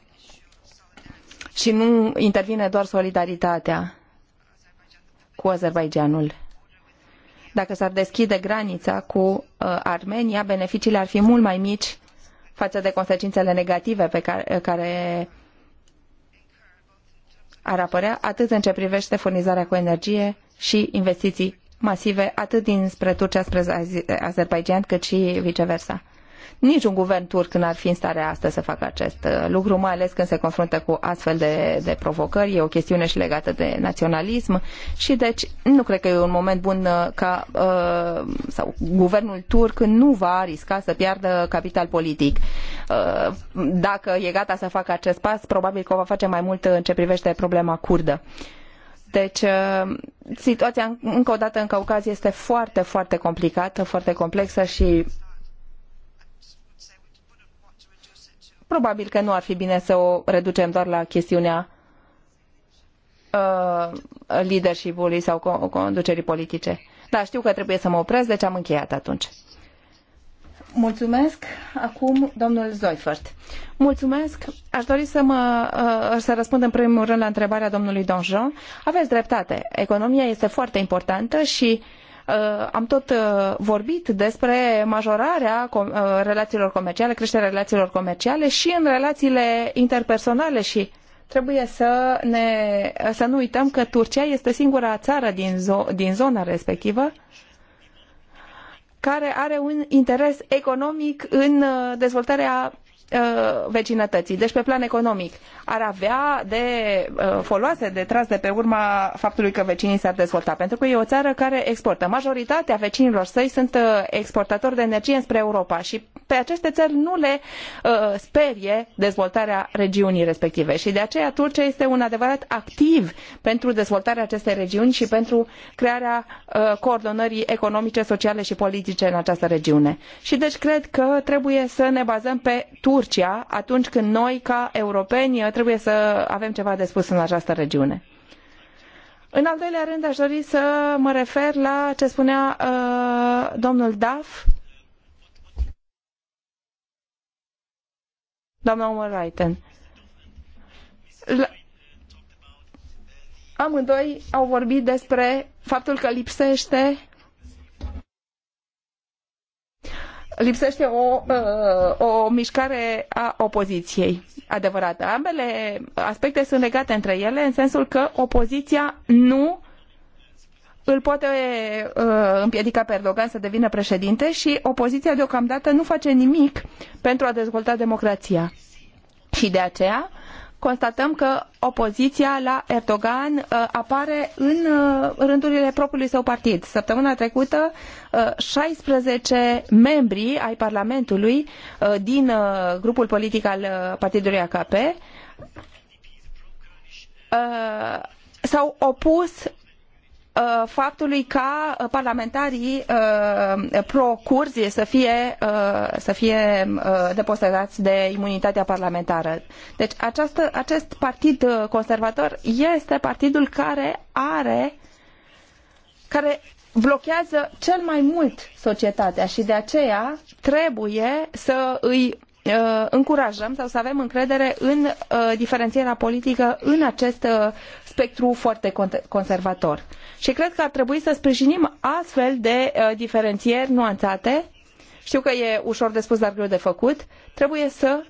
și nu intervine doar solidaritatea cu Azerbaijanul. Dacă s-ar deschide granița cu uh, Armenia, beneficiile ar fi mult mai mici față de consecințele negative pe care, care ar apărea atât în ce privește furnizarea cu energie și investiții masive atât dinspre Turcia spre Azerbaijan cât și viceversa. Niciun guvern turc n-ar fi în stare astăzi să facă acest uh, lucru, mai ales când se confruntă cu astfel de, de provocări. E o chestiune și legată de naționalism și deci nu cred că e un moment bun uh, ca uh, sau guvernul turc nu va risca să piardă capital politic. Dacă e gata să facă acest pas, probabil că o va face mai mult în ce privește problema curdă. Deci, situația, încă o dată, în Caucaz este foarte, foarte complicată, foarte complexă și probabil că nu ar fi bine să o reducem doar la chestiunea uh, leadership-ului sau conducerii politice. Da, știu că trebuie să mă opresc, deci am încheiat atunci. Mulțumesc. Acum, domnul Zoifert. Mulțumesc. Aș dori să, mă, uh, să răspund în primul rând la întrebarea domnului Donjon. Aveți dreptate. Economia este foarte importantă și uh, Uh, am tot uh, vorbit despre majorarea uh, relațiilor comerciale, creșterea relațiilor comerciale și în relațiile interpersonale și trebuie să, ne, să nu uităm că Turcia este singura țară din, zo, din zona respectivă care are un interes economic în dezvoltarea Uh, vecinătății, deci pe plan economic, ar avea de uh, foloase, de tras de pe urma faptului că vecinii s-ar dezvolta, pentru că e o țară care exportă. Majoritatea vecinilor săi sunt uh, exportatori de energie spre Europa și pe aceste țări nu le sperie dezvoltarea regiunii respective și de aceea Turcia este un adevărat activ pentru dezvoltarea acestei regiuni și pentru crearea coordonării economice, sociale și politice în această regiune. Și deci cred că trebuie să ne bazăm pe Turcia Turcia atunci când noi, ca europeni, trebuie să avem ceva de spus în această regiune. În al doilea rând, aș dori să mă refer la ce spunea uh, domnul Daf, doamna Omerleiten. La... Amândoi au vorbit despre faptul că lipsește lipsește o, uh, o mișcare a opoziției adevărată. Ambele aspecte sunt legate între ele în sensul că opoziția nu îl poate uh, împiedica pe Erdogan să devină președinte și opoziția deocamdată nu face nimic pentru a dezvolta democrația. Și de aceea constatăm că opoziția la Erdogan uh, apare în uh, rândurile propriului său partid. Săptămâna trecută, 16 uh, membri ai Parlamentului din grupul politic al partidului AKP s-au opus Uh, faptului ca uh, parlamentarii uh, procurzi să fie, să fie depostatați de imunitatea parlamentară. Deci această, acest partid conservator este partidul care are care blochează cel mai mult societatea și de aceea trebuie să îi Uh, încurajăm sau să avem încredere în uh, diferențierea politică în acest uh, spectru foarte conservator. Și cred că ar trebui să sprijinim astfel de diferențieri nuanțate. Știu că e ușor de spus, dar greu de făcut. Trebuie să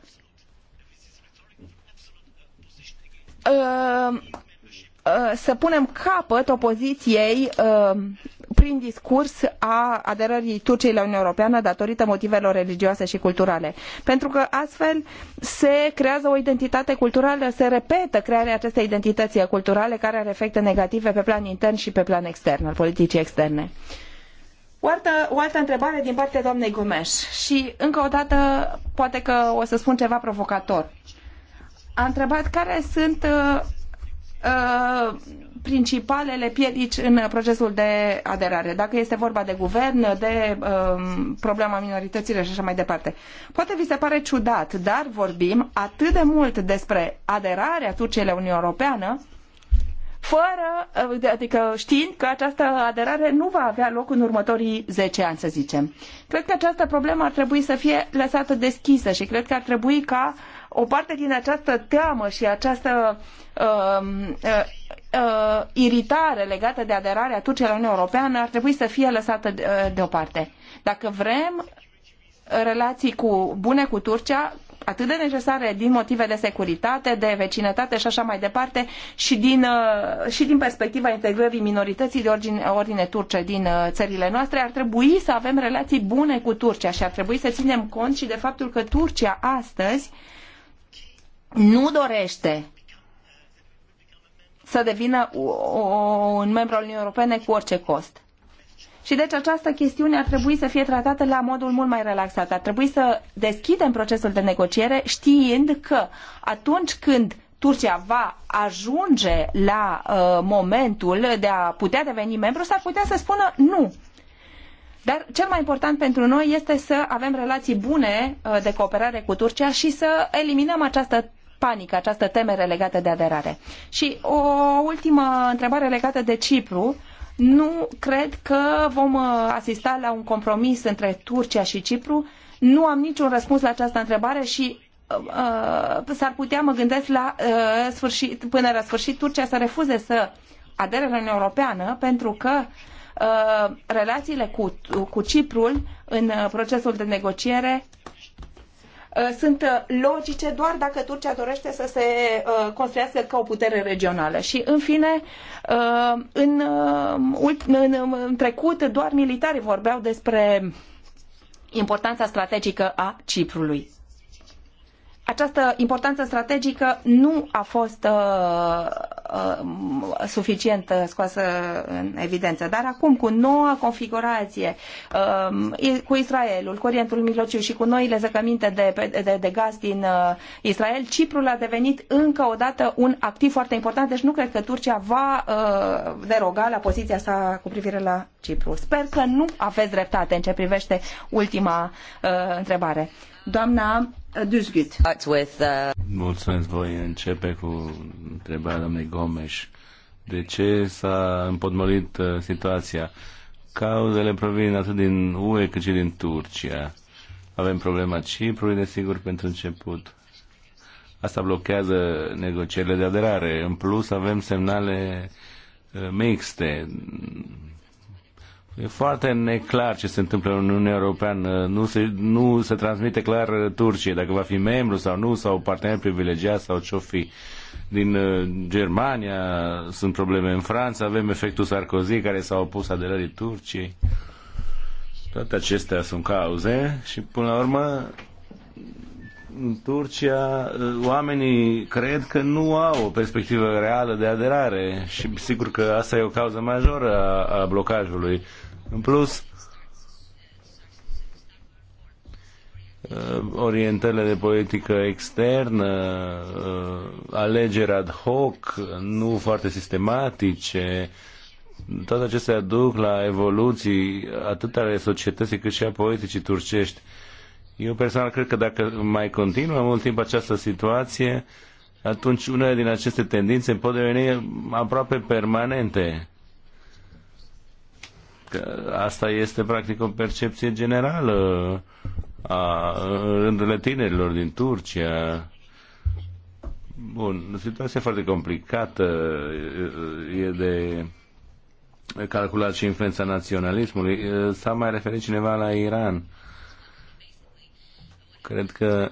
Uh, să punem capăt opoziției uh, prin discurs a aderării Turciei la Uniunea Europeană datorită motivelor religioase și culturale. Pentru că astfel se creează o identitate culturală, se repetă crearea acestei identități culturale care are efecte negative pe plan intern și pe plan extern, al politicii externe. O altă, o altă întrebare din partea doamnei Gomes și încă o dată poate că o să spun ceva provocator. A întrebat care sunt uh, Uh, principalele piedici în procesul de aderare, dacă este vorba de guvern, de um, problema minorităților și așa mai departe. Poate vi se pare ciudat, dar vorbim atât de mult despre aderarea Turciei la Uniunea Europeană, fără, uh, adică știind că această aderare nu va avea loc în următorii zece ani, să zicem. Cred că această problemă ar trebui să fie lăsată deschisă și cred că ar trebui ca uh, o parte din această teamă și această uh, uh, uh, iritare legată de aderarea Turciei la Uniunea Europeană ar trebui să fie lăsată uh, deoparte. Dacă vrem relații cu, bune cu Turcia, atât de necesare din motive de securitate, de vecinătate și așa mai departe, și din, uh, și din perspectiva integrării minorității de ordine, ordine turce din uh, țările noastre, ar trebui să avem relații bune cu Turcia și ar trebui să ținem cont și de faptul că Turcia astăzi uh, nu dorește să devină un membru al Uniunii Europene cu orice cost. Și deci această chestiune ar trebui să fie tratată la modul mult mai relaxat. Ar trebui să deschidem procesul de negociere știind că atunci când Turcia va ajunge la uh, momentul de a putea deveni membru, s-ar putea să spună nu. Dar cel mai important pentru noi este să avem relații bune uh, de cooperare cu Turcia și să eliminăm această panică, această temere legată de aderare. Și o ultimă întrebare legată de Cipru. Nu cred că vom uh, asista la un compromis între Turcia și Cipru. Nu am niciun răspuns la această întrebare și uh, uh, s-ar putea, mă gândesc, la uh, sfârșit, până la sfârșit Turcia să refuze să adere la Uniunea Europeană pentru că uh, relațiile cu, cu Ciprul în uh, procesul de negociere Uh, sunt uh, logice doar dacă Turcia dorește să se uh, construiască ca o putere regională. Și, în fine, în, în trecut, doar militarii vorbeau despre importanța strategică a Ciprului această importanță strategică nu a fost uh, uh, suficient uh, scoasă în evidență. Dar acum, cu noua configurație, uh, cu Israelul, cu Orientul Mijlociu și cu noile zăcăminte de, de, de gaz din uh, Israel, Ciprul a devenit încă o dată un activ foarte important, deci nu cred că Turcia va uh, deroga la poziția sa cu privire la Cipru. Sper că nu aveți dreptate în ce privește ultima întrebare. Doamna uh, Duzgut. Uh, Mulțumesc, voi începe cu întrebarea doamnei Gomes. De ce s-a împotmolit uh, situația? Cauzele provin atât din UE cât și din Turcia. Avem problema Ciprului, desigur, pentru început. Asta blochează negocierile de aderare. În plus, avem semnale mixte E foarte neclar ce se întâmplă în Uniunea Europeană. Nu se, nu se transmite clar uh, Turciei dacă va fi membru sau nu, sau partener privilegiat sau ce-o fi. Din uh, Germania sunt probleme în Franța, avem efectul Sarkozy care s-a opus aderării Turciei. Toate acestea sunt cauze și până la urmă în Turcia uh, oamenii cred că nu au o perspectivă reală de aderare și sigur că asta e o cauză majoră a, a blocajului. În plus, uh, orientările de politică externă, uh, alegeri ad hoc, nu foarte sistematice, toate acestea duc la evoluții atât ale societății cât și a politicii turcești. Eu personal cred că dacă mai continuă mult timp această situație, atunci unele din aceste tendințe pot deveni aproape permanente. Că asta este practic o percepție generală a rândurile tinerilor din Turcia. Bun, situația foarte complicată e de calculat și influența naționalismului. S-a mai referit cineva la Iran. Cred că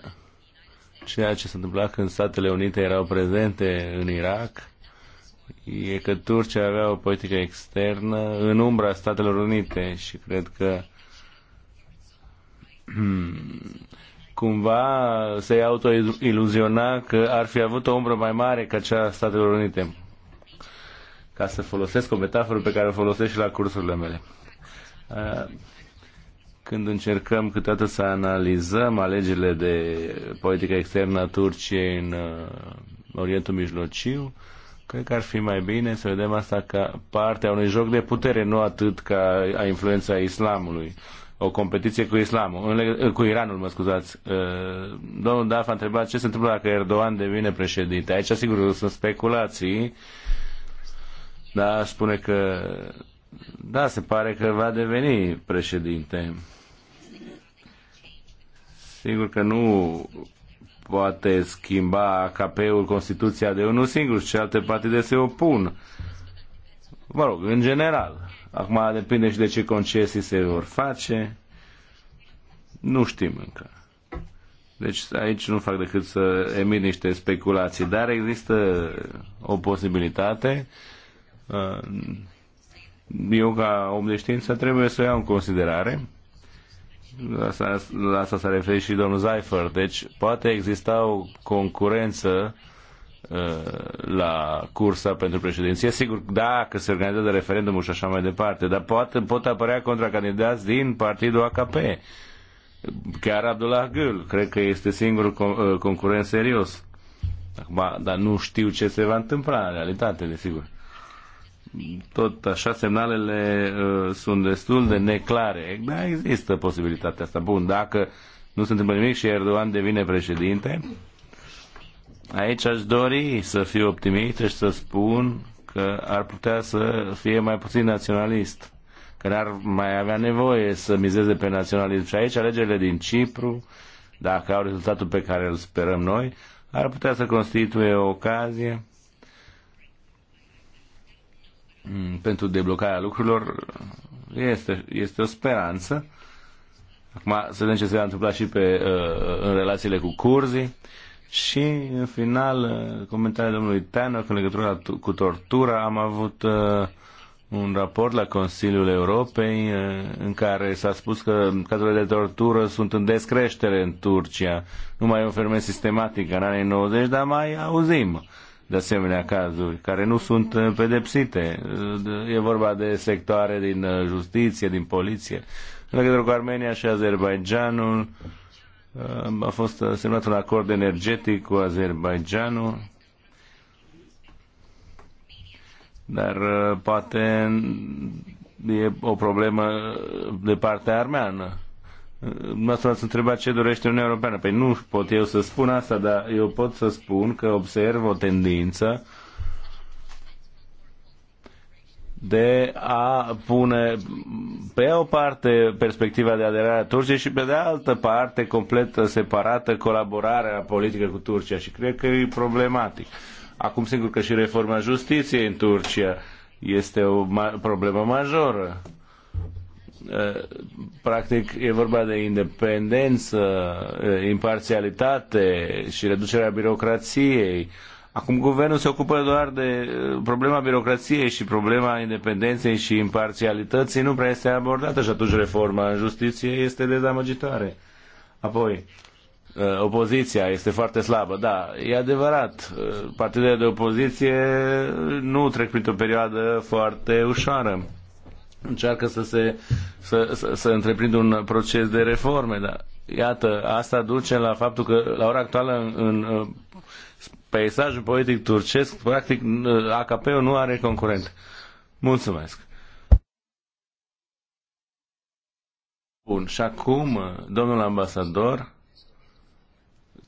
ceea ce s-a întâmplat când Statele Unite erau prezente în Irak e că Turcia avea o politică externă în umbra Statelor Unite și cred că cumva se autoiluziona că ar fi avut o umbră mai mare ca cea a Statelor Unite. Ca să folosesc o metaforă pe care o folosesc și la cursurile mele. Când încercăm câteodată să analizăm alegerile de politică externă a Turciei în uh, Orientul Mijlociu, uh, Cred că ar fi mai bine să vedem asta ca parte a unui joc de putere, nu atât ca a influența islamului. O competiție cu islamul, cu Iranul, mă scuzați. Uh, domnul Daf a întrebat ce se întâmplă dacă Erdogan devine președinte. Aici, sigur, sunt speculații, dar spune că da, se pare că va deveni președinte. Sigur că nu poate schimba AKP-ul Constituția de unul singur și alte partide se opun. Mă rog, în general. Acum depinde și de ce concesii se vor face. Nu știm încă. Deci aici nu fac decât să emit niște speculații, dar există o posibilitate. Uh, Eu ca om de știință trebuie să o iau în considerare la asta, la asta s-a referit și domnul Zaifer. Deci poate exista o concurență uh, la cursa pentru președinție. Sigur, dacă se organizează referendumul și așa mai departe, dar poate, pot apărea contracandidați din partidul AKP. Chiar Abdullah Gül, cred că este singurul uh, concurent serios. Acum, dar nu știu ce se va întâmpla în realitate, desigur tot așa semnalele uh, sunt destul de neclare. Da, există posibilitatea asta. Bun, dacă nu se întâmplă nimic și Erdogan devine președinte, aici aș dori să fiu optimist și să spun că ar putea să fie mai puțin naționalist, că n-ar mai avea nevoie să mizeze pe naționalism. Și aici alegerile din Cipru, dacă au rezultatul pe care îl sperăm noi, ar putea să constituie o ocazie Mm, pentru deblocarea lucrurilor este, este o speranță. Acum să vedem ce se va întâmpla și pe, uh, în relațiile cu curzii. Și, în final, uh, comentariul domnului Tanner în legătură cu tortura. Am avut uh, un raport la Consiliul Europei uh, în care s-a spus că cazurile de tortură sunt în descreștere în Turcia. Nu mai e un fenomen sistematic în anii 90, dar mai auzim de asemenea cazuri care nu sunt uh, pedepsite. Uh, e vorba de sectoare din uh, justiție, din poliție. În legătură cu Armenia și Azerbaijanul, a fost semnat un acord energetic cu Azerbaijanul, dar poate mm, e o problemă de partea armeană. Dumneavoastră ați întrebat ce dorește Uniunea Europeană. Păi nu pot eu să spun asta, dar eu pot să spun că observ o tendință de a pune pe o parte perspectiva de aderare a Turciei și pe de altă parte complet separată colaborarea politică cu Turcia și cred că e problematic. Acum sigur că și reforma justiției în Turcia este o ma- problemă majoră. Eh, practic e vorba de independență, eh, imparțialitate și reducerea birocrației. Acum guvernul se ocupă doar de eh, problema birocrației și problema independenței și imparțialității nu prea este abordată și atunci reforma în justiție este dezamăgitoare. Apoi, opoziția este foarte slabă, da, e adevărat. Partidele de opoziție nu trec printr-o perioadă foarte ușoară încearcă să se să, să, să întreprindă un proces de reforme, dar iată, asta duce la faptul că la ora actuală în, în peisajul politic turcesc, practic AKP-ul nu are concurent. Mulțumesc. Bun, și acum domnul ambasador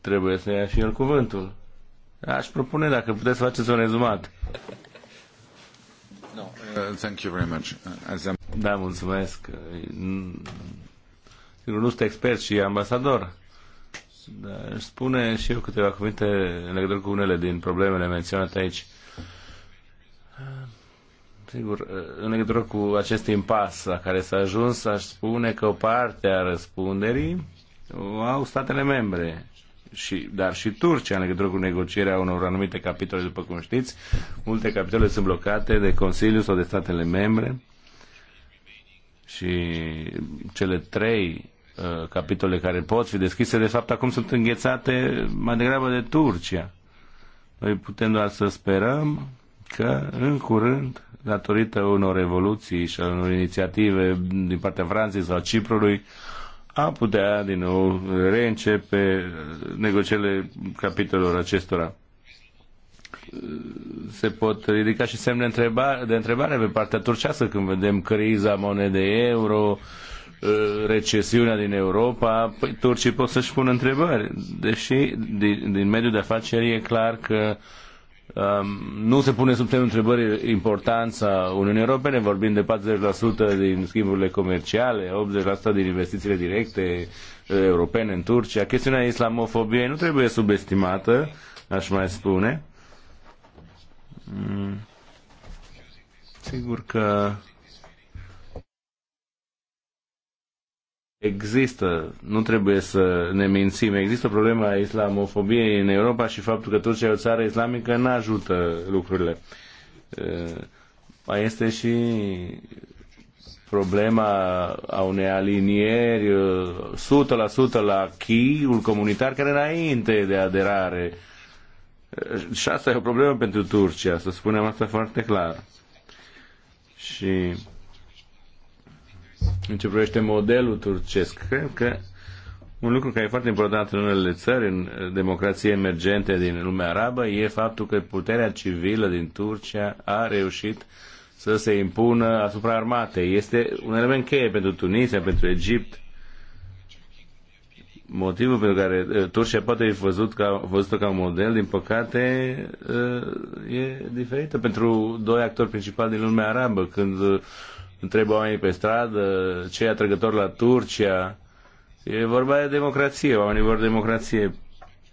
trebuie să ia și el cuvântul. Aș propune dacă puteți să faceți un rezumat. Thank you very much. As da, mulțumesc. Sigur, nu sunt expert și ambasador, dar își spune și eu câteva cuvinte în legătură cu unele din problemele menționate aici. Sigur, în legătură cu acest impas la care s-a ajuns, aș spune că o parte a răspunderii o au statele membre și, dar și Turcia în legătură cu negocierea unor anumite capitole, după cum știți. Multe capitole sunt blocate de Consiliu sau de statele membre și cele trei uh, capitole care pot fi deschise, de fapt, acum sunt înghețate mai degrabă de Turcia. Noi putem doar să sperăm că, în curând, datorită unor evoluții și unor inițiative din partea Franței sau Ciprului, uh, a putea din nou reîncepe negocierile capitolelor acestora. Se pot ridica și semne de întrebare pe partea turcească când vedem criza monedei euro, recesiunea din Europa, păi turcii pot să-și pună întrebări, deși din, din mediul de afaceri e clar că uh, Um, nu se pune sub semnul întrebării importanța Uniunii Europene, vorbim de 40% din schimburile comerciale, 80% din investițiile directe uh, europene în Turcia. Chestiunea islamofobiei nu trebuie subestimată, aș mai spune. Mm. Sigur că Există, nu trebuie să ne mințim, există problema islamofobiei în Europa și faptul că Turcia e o țară islamică nu ajută lucrurile. Mai este și problema a unei alinieri 100% la chiul comunitar care înainte de aderare. Și asta e o problemă pentru Turcia, să spunem asta foarte clar. Și în ce privește modelul turcesc. Cred că un lucru care e foarte important în unele țări, în democrații emergente din lumea arabă, e faptul că puterea civilă din Turcia a reușit să se impună asupra armatei. Este un element cheie pentru Tunisia, pentru Egipt. Motivul pentru care uh, Turcia poate fi văzut ca, văzută ca un model, din păcate, uh, e diferită pentru doi actori principali din lumea arabă. Când uh, întreb oamenii pe stradă cei atrăgători la Turcia. E vorba de democrație, oamenii vor democrație.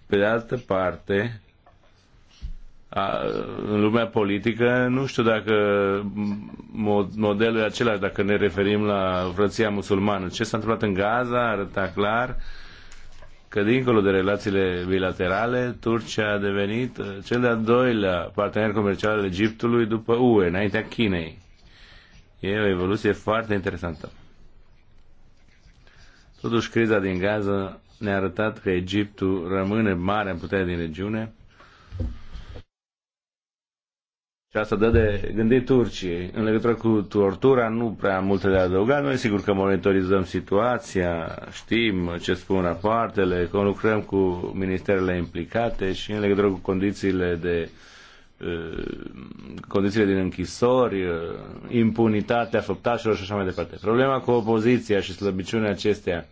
Pe de altă parte, a, în lumea politică, nu știu dacă modelul e același, dacă ne referim la frăția musulmană. Ce s-a întâmplat în Gaza arăta clar că dincolo de relațiile bilaterale, Turcia a devenit uh, cel de-al doilea partener comercial al Egiptului după UE, înaintea Chinei. E o evoluție foarte interesantă. Totuși, criza din Gaza ne-a arătat că Egiptul rămâne mare în putere din regiune și asta dă de gândit Turciei. În legătură cu tortura, nu prea multe de adăugat. Noi sigur că monitorizăm situația, știm ce spun rapoartele, lucrăm cu ministerele implicate și în legătură cu condițiile de Uh, condițiile din închisori, uh, impunitatea făptașilor și așa mai departe. Problema cu opoziția și slăbiciunea acestea,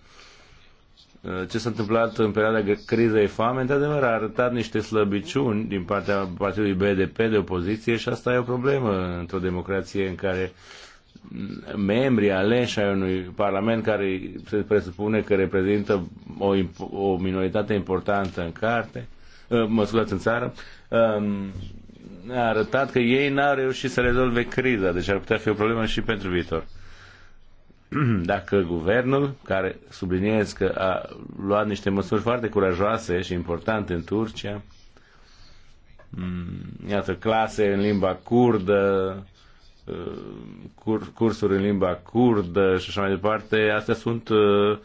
uh, ce s-a întâmplat în perioada crizei foame, într-adevăr a arătat niște slăbiciuni din partea partidului BDP de opoziție și asta e o problemă într-o democrație în care membrii aleși ai unui parlament care se presupune că reprezintă o, o minoritate importantă în carte, mă scuzați, în țară, um, a arătat că ei n-au reușit să rezolve criza, deci ar putea fi o problemă și pentru viitor. Dacă guvernul, care subliniez că a luat niște măsuri foarte curajoase și importante în Turcia, mm, iată, clase în limba curdă, uh, cursuri în limba curdă și așa mai departe, astea sunt uh,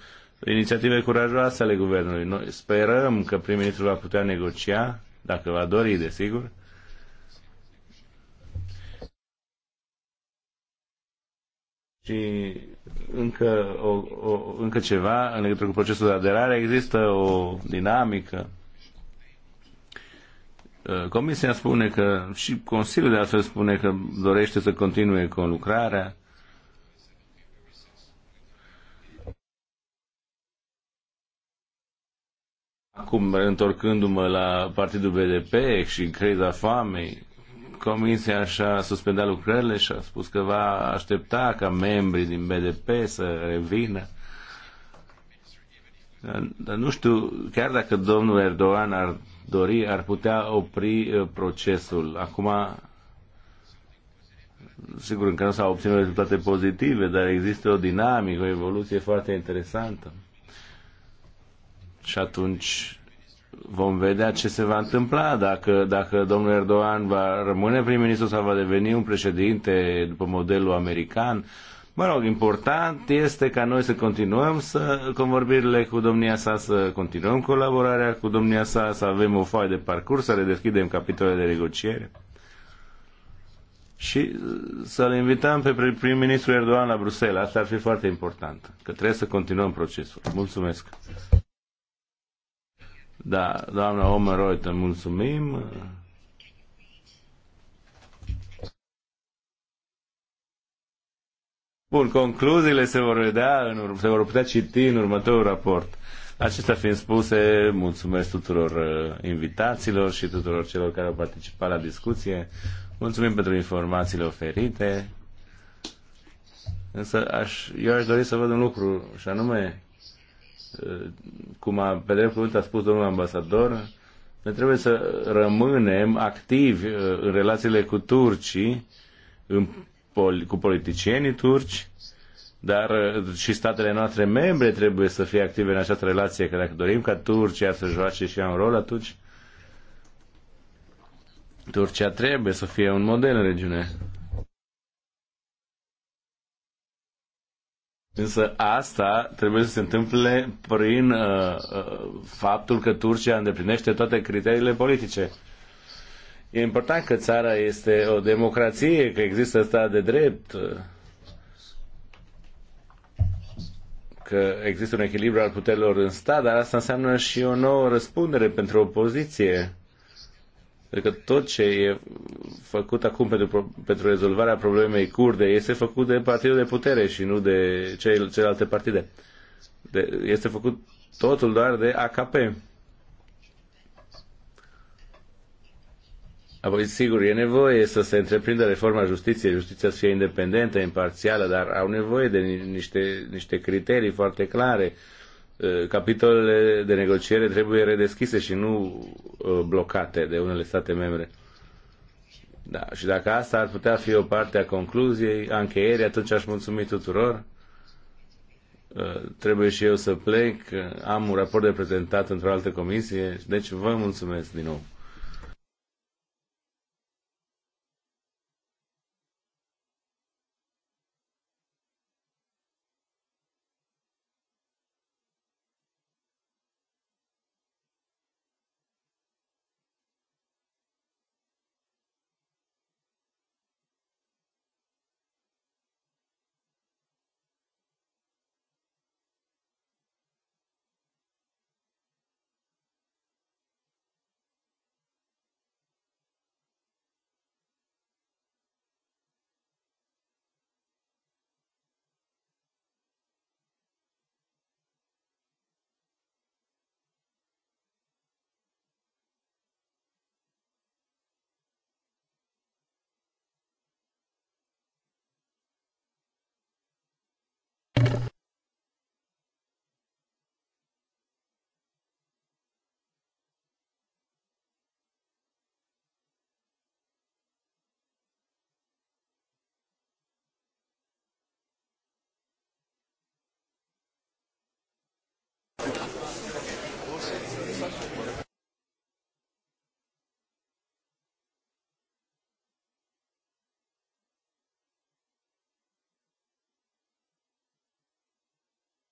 inițiative curajoase ale guvernului. Noi sperăm că prim-ministrul va putea negocia, dacă va dori, desigur, Și încă, o, o, încă ceva în legătură cu procesul de aderare, există o dinamică. Uh, Comisia spune că, și Consiliul de altfel spune că dorește să continue cu lucrarea. Acum, întorcându-mă la Partidul BDP și criza foamei, Comisia și-a suspendat lucrările și a spus că va aștepta ca membrii din BDP să revină. Dar nu știu, chiar dacă domnul Erdogan ar dori, ar putea opri uh, procesul. Acum, sigur, încă nu s-au obținut rezultate pozitive, dar există o dinamică, o evoluție foarte interesantă. Și atunci vom vedea ce se va întâmpla dacă, dacă domnul Erdogan va rămâne prim-ministru sau va deveni un președinte după modelul american. Mă rog, important este ca noi să continuăm să convorbirile cu domnia sa, să continuăm colaborarea cu domnia sa, să avem o foaie de parcurs, să redeschidem capitole de negociere și uh, să-l invităm pe prim-ministru Erdogan la Bruxelles. Asta ar fi foarte important, că trebuie să continuăm procesul. Mulțumesc! Da, doamna te mulțumim. Bun, concluziile se vor vedea, în, se vor putea citi în următorul raport. Acestea fiind spuse, mulțumesc tuturor uh, invitaților și tuturor celor care au participat la discuție. Mulțumim pentru informațiile oferite. Însă aș, eu aș dori să văd un lucru, și anume Eh, cum a, pe drept cuvânt a spus domnul ambasador, ne trebuie să rămânem activi eh, în relațiile cu turcii, în cu politicienii turci, dar eh, și statele noastre membre trebuie să fie active în această relație, că dacă dorim ca Turcia să joace și ea un rol, atunci Turcia trebuie să fie un model în regiune. Însă asta trebuie să se întâmple prin uh, uh, faptul că Turcia îndeplinește toate criteriile politice. E important că țara este o democrație, că există stat de drept, uh, că există un echilibru al puterilor în stat, dar asta înseamnă și o nouă răspundere pentru opoziție Cred că tot ce e făcut acum pentru, pentru rezolvarea problemei curde este făcut de partidul de putere și nu de cel, celelalte partide. De, este făcut totul doar de AKP. Apoi, sigur, e nevoie să se întreprindă reforma justiției, justiția să fie independentă, imparțială, dar au nevoie de niște, niște criterii foarte clare. Uh, Eh, capitolele de negociere trebuie redeschise și nu eh, blocate de unele state membre. Da, și dacă asta ar putea fi o parte a concluziei, a încheierii, atunci aș mulțumi tuturor. Eh, trebuie și eu să plec, am un raport de prezentat într-o altă comisie, deci vă mulțumesc din nou.